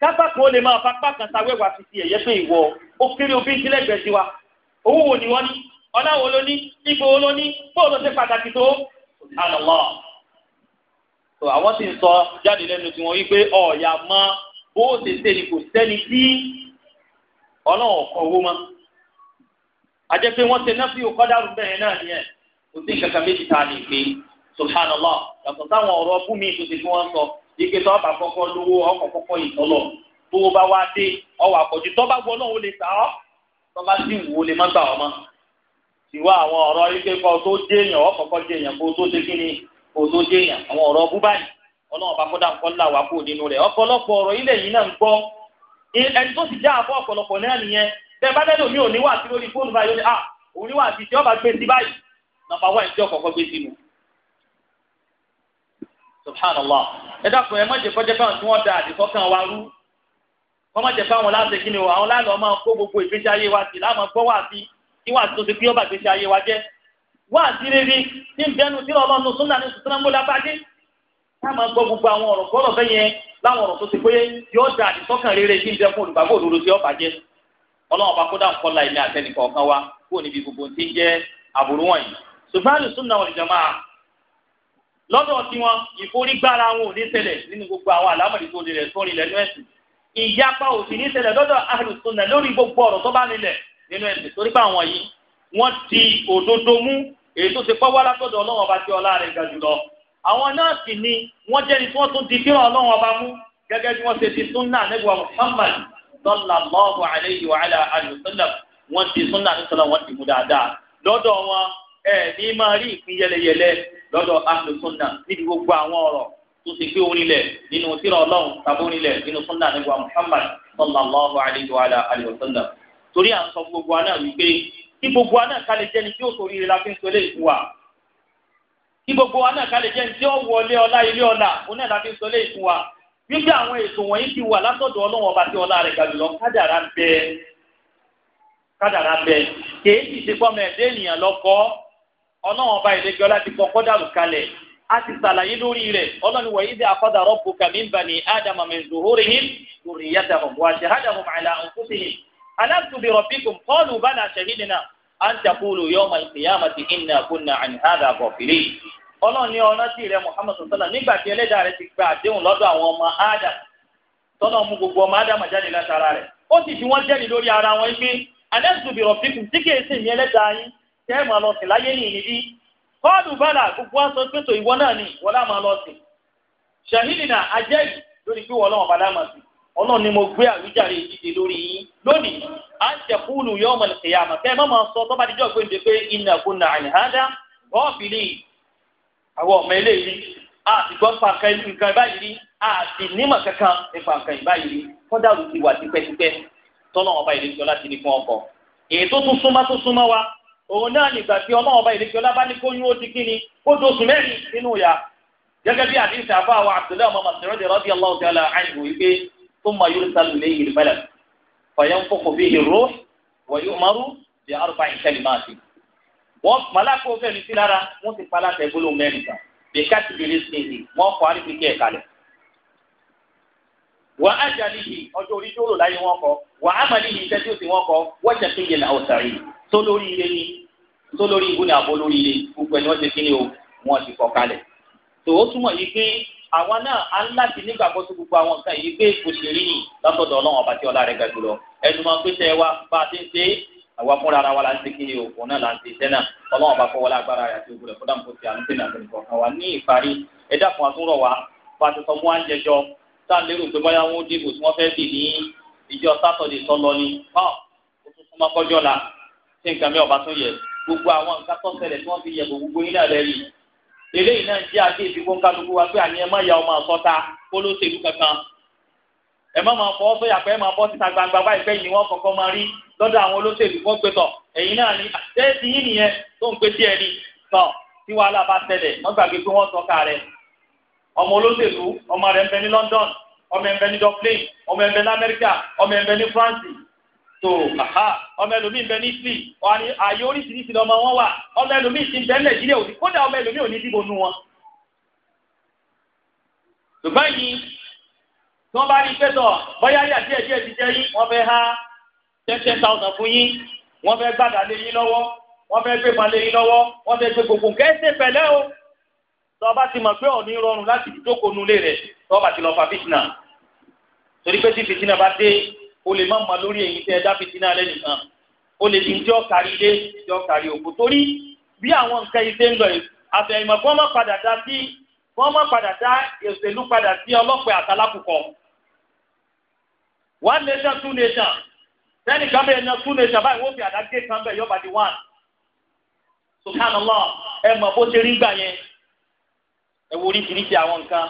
kápá kan ó lè máa fa pápá kan sáwẹ́wà fi ti ẹ̀yẹ́ pé ìwọ ó kéré obí ìdílẹ́gbẹ̀ẹ́ sí wa owó wo ni wọ́n ní ọlá wo ló ní ipò wo ló ní bóòlù ṣe pàtàkì tó àlọ́ tó àwọn sì ń sọ jáde lẹ́nu tiwọn yí pé ọ̀ọ́yà mọ bó o ṣe ṣe ni kò sẹ́ni tí ọlọ́run ọ̀kọ́ owó mọ́ àjẹ́ pé wọ́n ṣe náà fi òkọ́ dárú bẹ́ẹ̀ náà nìyẹn kò sí nǹkan kan méjì tá a lè gbé subhanallah yàtọ̀ sáwọn ọ̀rọ̀ fún mi tó ti fi wọ́n sọ ike tó ọba kọ́kọ́ lówó ọkọ̀ kọ́kọ́ ìtọ́lọ̀ tówó bá wá dé ọwọ́ àkọ́jú tó bá wọ náà ó lè tà ọ́ tó bá sì wò ó lè má gbà ọ́ mọ́. ìwọ àwọn ọ̀rọ̀ ike kọ́ tó déèyàn ọkọ̀ kọ́ déèyàn kó tó ṣe kíni kó tó déèyàn àwọn ọ̀rọ̀ búbáyì ọlọ́run bá kọ́dà ńkọ́ ńlá wà kó nínú rẹ̀ ọ̀pọ̀lọpọ̀ ọ̀rọ̀ ilẹ̀ yìí náà ń gbọ́ ẹni tó sì já àbọ̀ ọ̀pọ̀lọpọ̀ náà nìyẹn bẹ́ẹ̀ bá dẹ́nu mi ò níwà sí lórí fóònù báyìí ó ní à òun níwà sí tí ọba gbé sí báyìí nọ́mbà wá ìjọ kọ̀ọ̀kan gbé subhanallah ẹ dákun ẹ má jẹ́ kọjá fáwọn tí wọ́n da àdìsọ́kàn wa rú wọ́n má fáwọn láti kí ni o àwọn láàlọ́ máa kó gbogbo ìgbésí ayé wa sí láàmú gbọ́ wá sí kí wàá tó ti pé ọba ìgbésí ayé wa jẹ́ wá sí rere tí ń bẹnu sí ọlọ́run súnà ní sùtúnà ń gbọ́dá bájé ká máa gbọ́ gbogbo àwọn ọ̀rọ̀ gbọ́dọ̀ bẹ́ yẹn láwọn ọ̀rọ̀ tó ti pé yóò da àdìsọ́kàn rere tí ń bẹ fún olùgbàgbọ́ òdodo sí ọba jẹ́ ọlọ́run ọba kódà ń kọ́ la ẹ̀mí àtẹnìkọ̀ọ̀kan wa kúrò níbi gbogbo tí ń jẹ́ àbúrú wọ̀nyí subhanahu sunna wal jamaa lọ́dọ̀ tiwọn ìforígbára wọn ò ní ṣẹlẹ̀ nínú gbogbo àwọn àlámọ̀dé tó lè rẹ̀ sórí ilẹ̀ nọ́ẹ̀sì ìyapa ò sì ní ṣẹlẹ̀ lọ́dọ̀ àlùsùnà lórí gbogbo ọ̀rọ̀ tó bá nílẹ̀ nínú ẹ̀sìn torí pé àwọn yìí wọ́n ti òdodo mú èyí tó ti pọ́ wá látọ̀dọ̀ ọlọ́run ọba tí ọlá rẹ̀ ga jùlọ àwọn náà sì ni wọ́n jẹ́ni tí wọ́n tún di fíran ọlọ́run ọba mú gẹ́gẹ́ bí wọ́n ṣe ti súnà nígbà alayhi wa ala alihi wa sallam wọ́n ti súnà nítorí wọ́n ti mú dáadáa ẹ ní máa rí ìpín yẹlẹyẹlẹ lọ́dọ̀ ahlu sunna níbi gbogbo àwọn ọ̀rọ̀ tó ti gbé orinlẹ̀ nínú tírà ọlọ́run tàbí orinlẹ̀ nínú sunna nígbà muhammad sallallahu alayhi wa alayhi wa sallam torí à ń sọ gbogbo aná wípé gbogbo aná wa kí gbogbo aná ó wọlé ọlá ilé wa wípé àwọn ètò wọ̀nyí ti wà látọ̀dọ̀ ọlọ́run ọlá ọlọ́run ọba ìlẹ́jọ́ láti kọ́ kọ́dàrú kalẹ̀ a ti ṣàlàyé lórí rẹ̀ ọlọ́run wọ̀nyí dẹ́ àkọ́dà rọ́pù kàmí bani ádámà min zuhurihim dhurriyyatahum wa shahadahum ala anfusihim alastu bi rabbikum qalu bala shahidna an taqulu yawma al-qiyamati inna kunna an ya ghafilin ọlọ́run ní ọ̀nà tí rẹ̀ muhammadu sọ́lá nígbà tí ẹlẹ́dàá rẹ̀ rẹ̀ ara anyị tẹ́ ẹ̀ máa lọ sìn láyé ní ìníbí kọ́ọ̀dù bàlà gbogbo wa sọ pé tó ìwọ náà ni ìwọ náà máa lọ sìn ṣàhídìnà ajẹ́rìí lórí pé wọ́n lọ́wọ́ bàlá máa ọlọ́run ni mo gbé àwíjàre ìdíje lórí yín lónìí à ń yọ ọmọ kẹ́ ẹ má máa sọ nà a ti gbọ́ a nímọ̀ kankan ní pàǹkà báyìí rí ló ti wà tipẹ́tipẹ́ tọ́lọ́wọ́n báyìí òun náà nígbà tí ọlọ́run ọba ìlẹ́kẹ́ ọlá bá ní kó yún ó ti kí ni ó dosùn mẹ́rin nínú ìyá gẹ́gẹ́ bí àdìsí àbá àwọn Abdullahi ọmọ Mas'ud radiyallahu ta'ala anhu wípé thumma yursalu ilayhi al-malak fayanfukhu fihi ar-ruh wa yu'maru bi arba'i kalimati wọ́n malako fẹ́mi sí lára wọ́n ti pala tẹ̀ bolo mẹ́rin kan bí káàtì bí lè sìn yìí wọ́n kọ́ àrífi kí ẹ̀ kalẹ̀. wà á jalè yìí ọjọ́ orí tó rò láyé wọn kọ wà á màlì yìí tẹ́tí òsì wọn kọ wọ́n jẹ́ tó lórí ibú ni àbó lórí ilé gbogbo ẹni wọ́n ti kí ni o wọ́n ti kọ́ kalẹ̀ tó o túmọ̀ yìí pé àwa náà á ń láti nígbàgbọ́ sí gbogbo àwọn nǹkan yìí pé kò ṣe rí ni látọ̀dọ̀ ọlọ́run ọba tí ọlá rẹ̀ gàdú lọ ẹnu máa ń pèsè wa bá a ti ń ṣe é àwa fúnra ara wa la ń ṣe kí ni òkun náà la ń ṣe iṣẹ́ náà ọlọ́run ọba fọwọ́ lágbára rẹ̀ àti ògùn rẹ̀ fúnra nǹkan ti à ń tẹ̀lé àti nǹkan kan wa ní ìparí ẹ dákun àtúnrọ̀ wa bá a ti sọ mú àǹjẹjọ tá a gbogbo àwọn nǹkan tó ṣẹlẹ̀ tí wọ́n fi yẹ̀bù gbogbo yín náà lẹ́yìn eléyìí náà jẹ́ àkéèsí kó ń kálukú wa pé àní ẹ má ya ọmọ àsọta kó ló ṣèlú kankan ẹ má máa fọwọ́ sọ́yà pé ẹ máa bọ́ síta gbangba báyìí pé ìní wọn kọ̀ọ̀kan máa rí lọ́dọ̀ àwọn olóṣèlú kó gbé tọ̀ ẹ̀yìn náà ni àtẹ́sí yín nìyẹn tó ń pé tiẹ̀ ni tọ̀ tí wàhálà bá ṣẹlẹ̀ wọ́n gbàgbé pé wọ́n sọ́ka rẹ̀ ọmọ olóṣèlú ọmọ rẹ̀ ń bẹ ní London ọmọ ẹ̀ ń bẹ ní Dublin ọmọ ẹ̀ ń bẹ ní Amẹ́ríkà ọmọ ẹ̀ ń bẹ ní France tó aha ọmọ ẹlòmíì bẹ ní sí ọni ààyè oríṣiríṣi lọmọ wọn wà ọmọ ẹlòmíì ti bẹ nàìjíríà òsì kódà ọmọ ẹlòmíì ò ní dìbò nu wọn. ṣùgbọ́n yìí tí wọ́n bá rí pẹ́tọ̀ bóyá yà díẹ̀ díẹ̀ ti jẹ́ yín wọ́n fẹ́ ha ten ten thousand fún yín wọ́n fẹ́ gbàdá lé yín lọ́wọ́ wọ́n fẹ́ gbé balẹ̀ yín lọ́wọ́ wọ́n fẹ́ gbé gbogbo kẹ́sẹ̀ pẹ̀lẹ́ o tọ́ba ti mọ̀ pé ọ̀ní rọrùn láti jókòó nulẹ̀ rẹ̀ tọ́ba ti lọ fa fìtínà torí pé tí fìtínà bá dé o lè má ma lórí èyí tẹ dá fìtínà lẹ nìkan o lè ní jọ kárí ilé jọ kárí òkú torí bí àwọn nǹkan ife ń lọ yìí àfẹ̀yìnmọ̀ kí wọ́n má padà dá sí kí wọ́n má padà dá òṣèlú padà sí ọlọ́pẹ́ àtàlákùkọ. one nation two nation sẹ́ni kan bẹ́ẹ̀ two nation báyìí wọ́n fi àdágé kan bẹ́ẹ̀ yọba di one. subhanallah ẹ mọ̀ bó ṣe rí gbà yẹn ẹ wo oríṣiríṣi àwọn nǹkan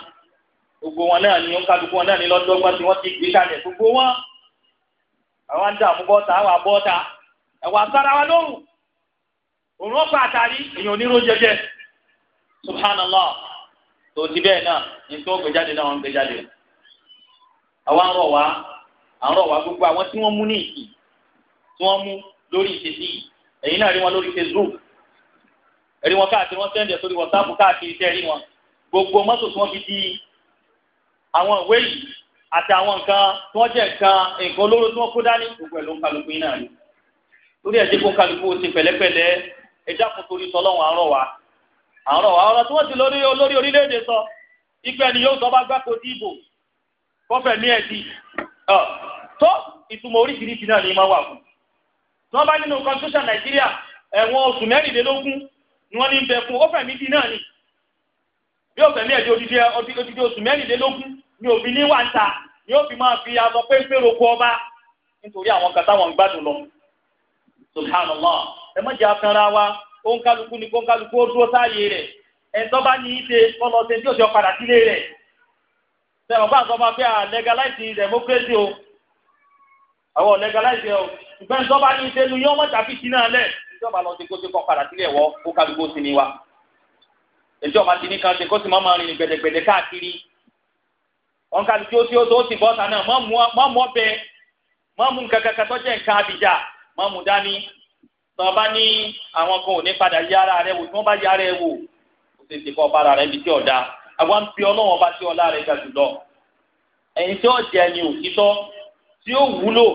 gbogbo wọn náà ni ó kálukú wọn náà ni lọ́dọ́gbọ́n tí wọ́n ti gbé kalẹ̀ gbogbo wọn àwọn dààmú bọ́ta àwọn abọ́ta ẹ̀wà sára wa lóhùn òun ọ̀pá àtàrí èèyàn oníró jẹjẹ subhanallah tó ti bẹ́ẹ̀ náà nítorí ó gbé jáde náà wọ́n gbé jáde àwọn arọ̀ wá àrọ̀ wá gbogbo àwọn tí wọ́n mú ní ìsìn tí wọ́n mú lórí ìṣesí yìí ẹ̀yin náà rí wọn lórí facebook ẹ̀rí wọn káàkiri wọn sẹ́ndẹ̀ sórí whatsapp káàkiri tẹ́ rí wọn gbogbo mọ́tò tí wọ́n fi di àwọn ìwé yìí àti àwọn nǹkan tí wọ́n jẹ́ nǹkan nǹkan olóró tí wọ́n kó dání gbogbo ẹ̀ ló ń kálukú yín náà ni torí ẹ̀ jẹ́ kó kálukú ó ti pẹ̀lẹ́pẹ̀lẹ́ ẹja kò torí sọ lọ́wọ́ àárọ̀ wa àárọ̀ wa ọ̀rọ̀ tí wọ́n ti lórí olórí orílẹ̀-èdè sọ ìgbẹ́ ni yóò sọ bá gbáko dìbò kọ́fẹ̀ ní ẹ̀dì tó ìtumọ̀ oríṣiríṣi náà ni máa wà fún tí wọ́n bá nínú constitution Nàìjíríà ẹ̀wọ̀n ni wọ́n ní bẹ fún ó fẹ̀mí di ni òbí ní wà ń ta ni fi máa fi aṣọ pé kú ọba nítorí àwọn kan táwọn gbádùn lọ subhanallah ẹ má jẹ́ akanra wa òǹkálukú ni kóńkálukú ó dúró sáàyè rẹ̀ re. bá ní í ṣe kọ́lọ́ ṣe tí ó ṣe padà sílé rẹ̀ sẹ́wọ̀n bá sọ ma fe à legalize democracy o àwọn legalize o ìgbẹ́ ń sọ bá ní í ṣe nu yọ́n mọ́ta fi náà lẹ̀ lọ kó kan ṣe kó sì má wọn kàdí tí ó tí ó tó ti bọ́ta náà má mú ọbẹ̀ má mú nǹkan kankan tó jẹ́ nǹkan àbíjà má mú dání tó ní àwọn kan ò ní padà yí rẹ wò tí wọ́n bá yí rẹ wò ó ti ti kọ́ ọba rẹ ibi tí ọ̀dà àwa ń pe ọlọ́wọ́n ọba tí ọlá rẹ ga jùlọ ẹ̀yin tí ó jẹ ni òtítọ́ tí ó wúlò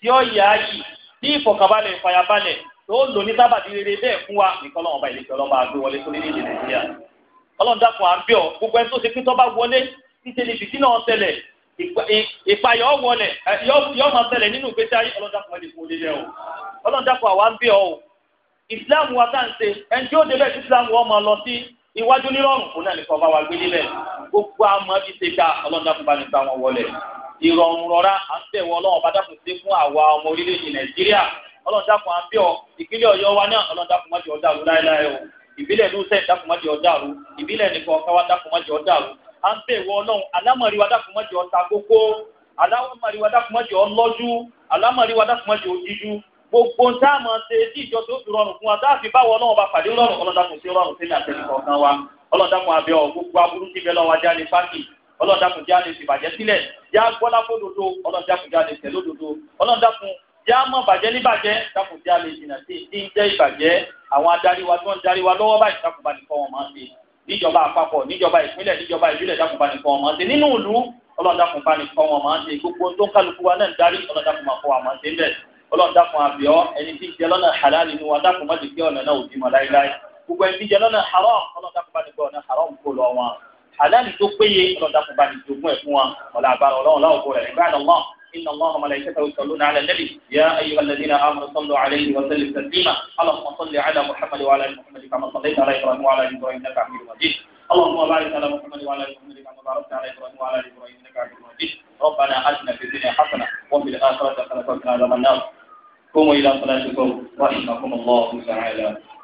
tí ó yá yìí ní ìfọ̀kànbalẹ̀ ìfàyàbalẹ̀ tó lò ní sábàbí rere bẹ́ẹ̀ fún wa nìkan ọlọ́wọ́n ọba ìlẹ̀kẹ́ ọlọ́wọ́ àgbéwọlé tó nílé ìdè nàìjíríà ọlọ́run dàpọ̀ à ń bẹ̀ ọ́ gbogbo ẹni tó ṣe pín tó wọlé títí ni fìtínà ọ̀sẹ̀lẹ̀ ìpayọ̀ wọlẹ̀ yọ̀ máa ṣẹlẹ̀ nínú ìgbésí ayé ọlọ́dàpọ̀ ẹ̀dínkù lílẹ̀ o ọlọ́dàpọ̀ àwa ń ọ o ìsìláàmù wa tá à ń ṣe ó débẹ̀ tí wa lọ sí iwájú nírọ̀rùn fún náà nìkan bá wa gbé níbẹ̀ ṣe ká ọlọ́dàpọ̀ bá ní wọn wọlẹ̀ ìrọ̀rùn rọra fún àwa ọmọ orílẹ̀-èdè nàìjíríà à ń bẹ̀ wọ ọlọ́run alámọ̀rí wa dákun mọ́jọ ta kókó alámọ̀rí wa dákun mọ́jọ lọ́jú alámọ̀rí wa dákun mọ́jọ dídú gbogbo tá a máa ṣe tí ìjọ tó fi rọrùn fún wa tá a fi báwọ ọlọ́run bá pàdé rọrùn ọlọ́dàkùn sí rọrùn sínú àtẹnukọ̀ kan wa ọlọ́dàkùn abẹ́ ọ̀ gbogbo aburú ti bẹ́ lọ́wọ́ ajá ní pákì ọlọ́dàkùn já lè fìbàjẹ́ sílẹ̀ já gbọ́lá fódodo ọlọ́dàkùn já lè tẹ̀ lódodo ọlọ́dàkùn já mọ̀ bàjẹ́ níbàjẹ́ dàkùn já lè jìnà sí ti ń jẹ́ ìbàjẹ́ àwọn adarí wa tó ń darí wa lọ́wọ́ báyìí dàkùn bá nìkan wọn máa ń ṣe níjọba àpapọ̀ níjọba ìpínlẹ̀ níjọba ìbílẹ̀ dákùnbá nìkan ọmọ ṣe nínú ìlú ọlọ́dàkùnbá nìkan wọn máa ń ṣe gbogbo tó ń kálukú wa náà darí ọlọ́dàkùnbá fún wa máa ń ṣe bẹ́ẹ̀ ọlọ́dàkùn àbíọ́ ẹni tí jẹ lọ́nà halal ni wọn dákùn mọ́tò kí ọ̀nà náà ò bímọ láéláé gbogbo ẹni tí ń jẹ lọ́nà haram ọlọ́dàkùnbá nìkan ọ̀nà haram kò lọ wọn halal tó péye ọlọ́dàkùnbá nìkan إن الله وملائكته يصلون على النبي يا أيها الذين آمنوا صلوا عليه وسلم تسليما اللهم صل على محمد وعلى آل محمد كما صليت على إبراهيم وعلى آل إبراهيم إنك حميد مجيد اللهم بارك على محمد وعلى آل محمد كما باركت على إبراهيم وعلى آل إبراهيم إنك حميد مجيد ربنا آتنا في الدنيا حسنة وفي الآخرة حسنة وقنا عذاب النار قوموا إلى صلاتكم رحمكم الله تعالى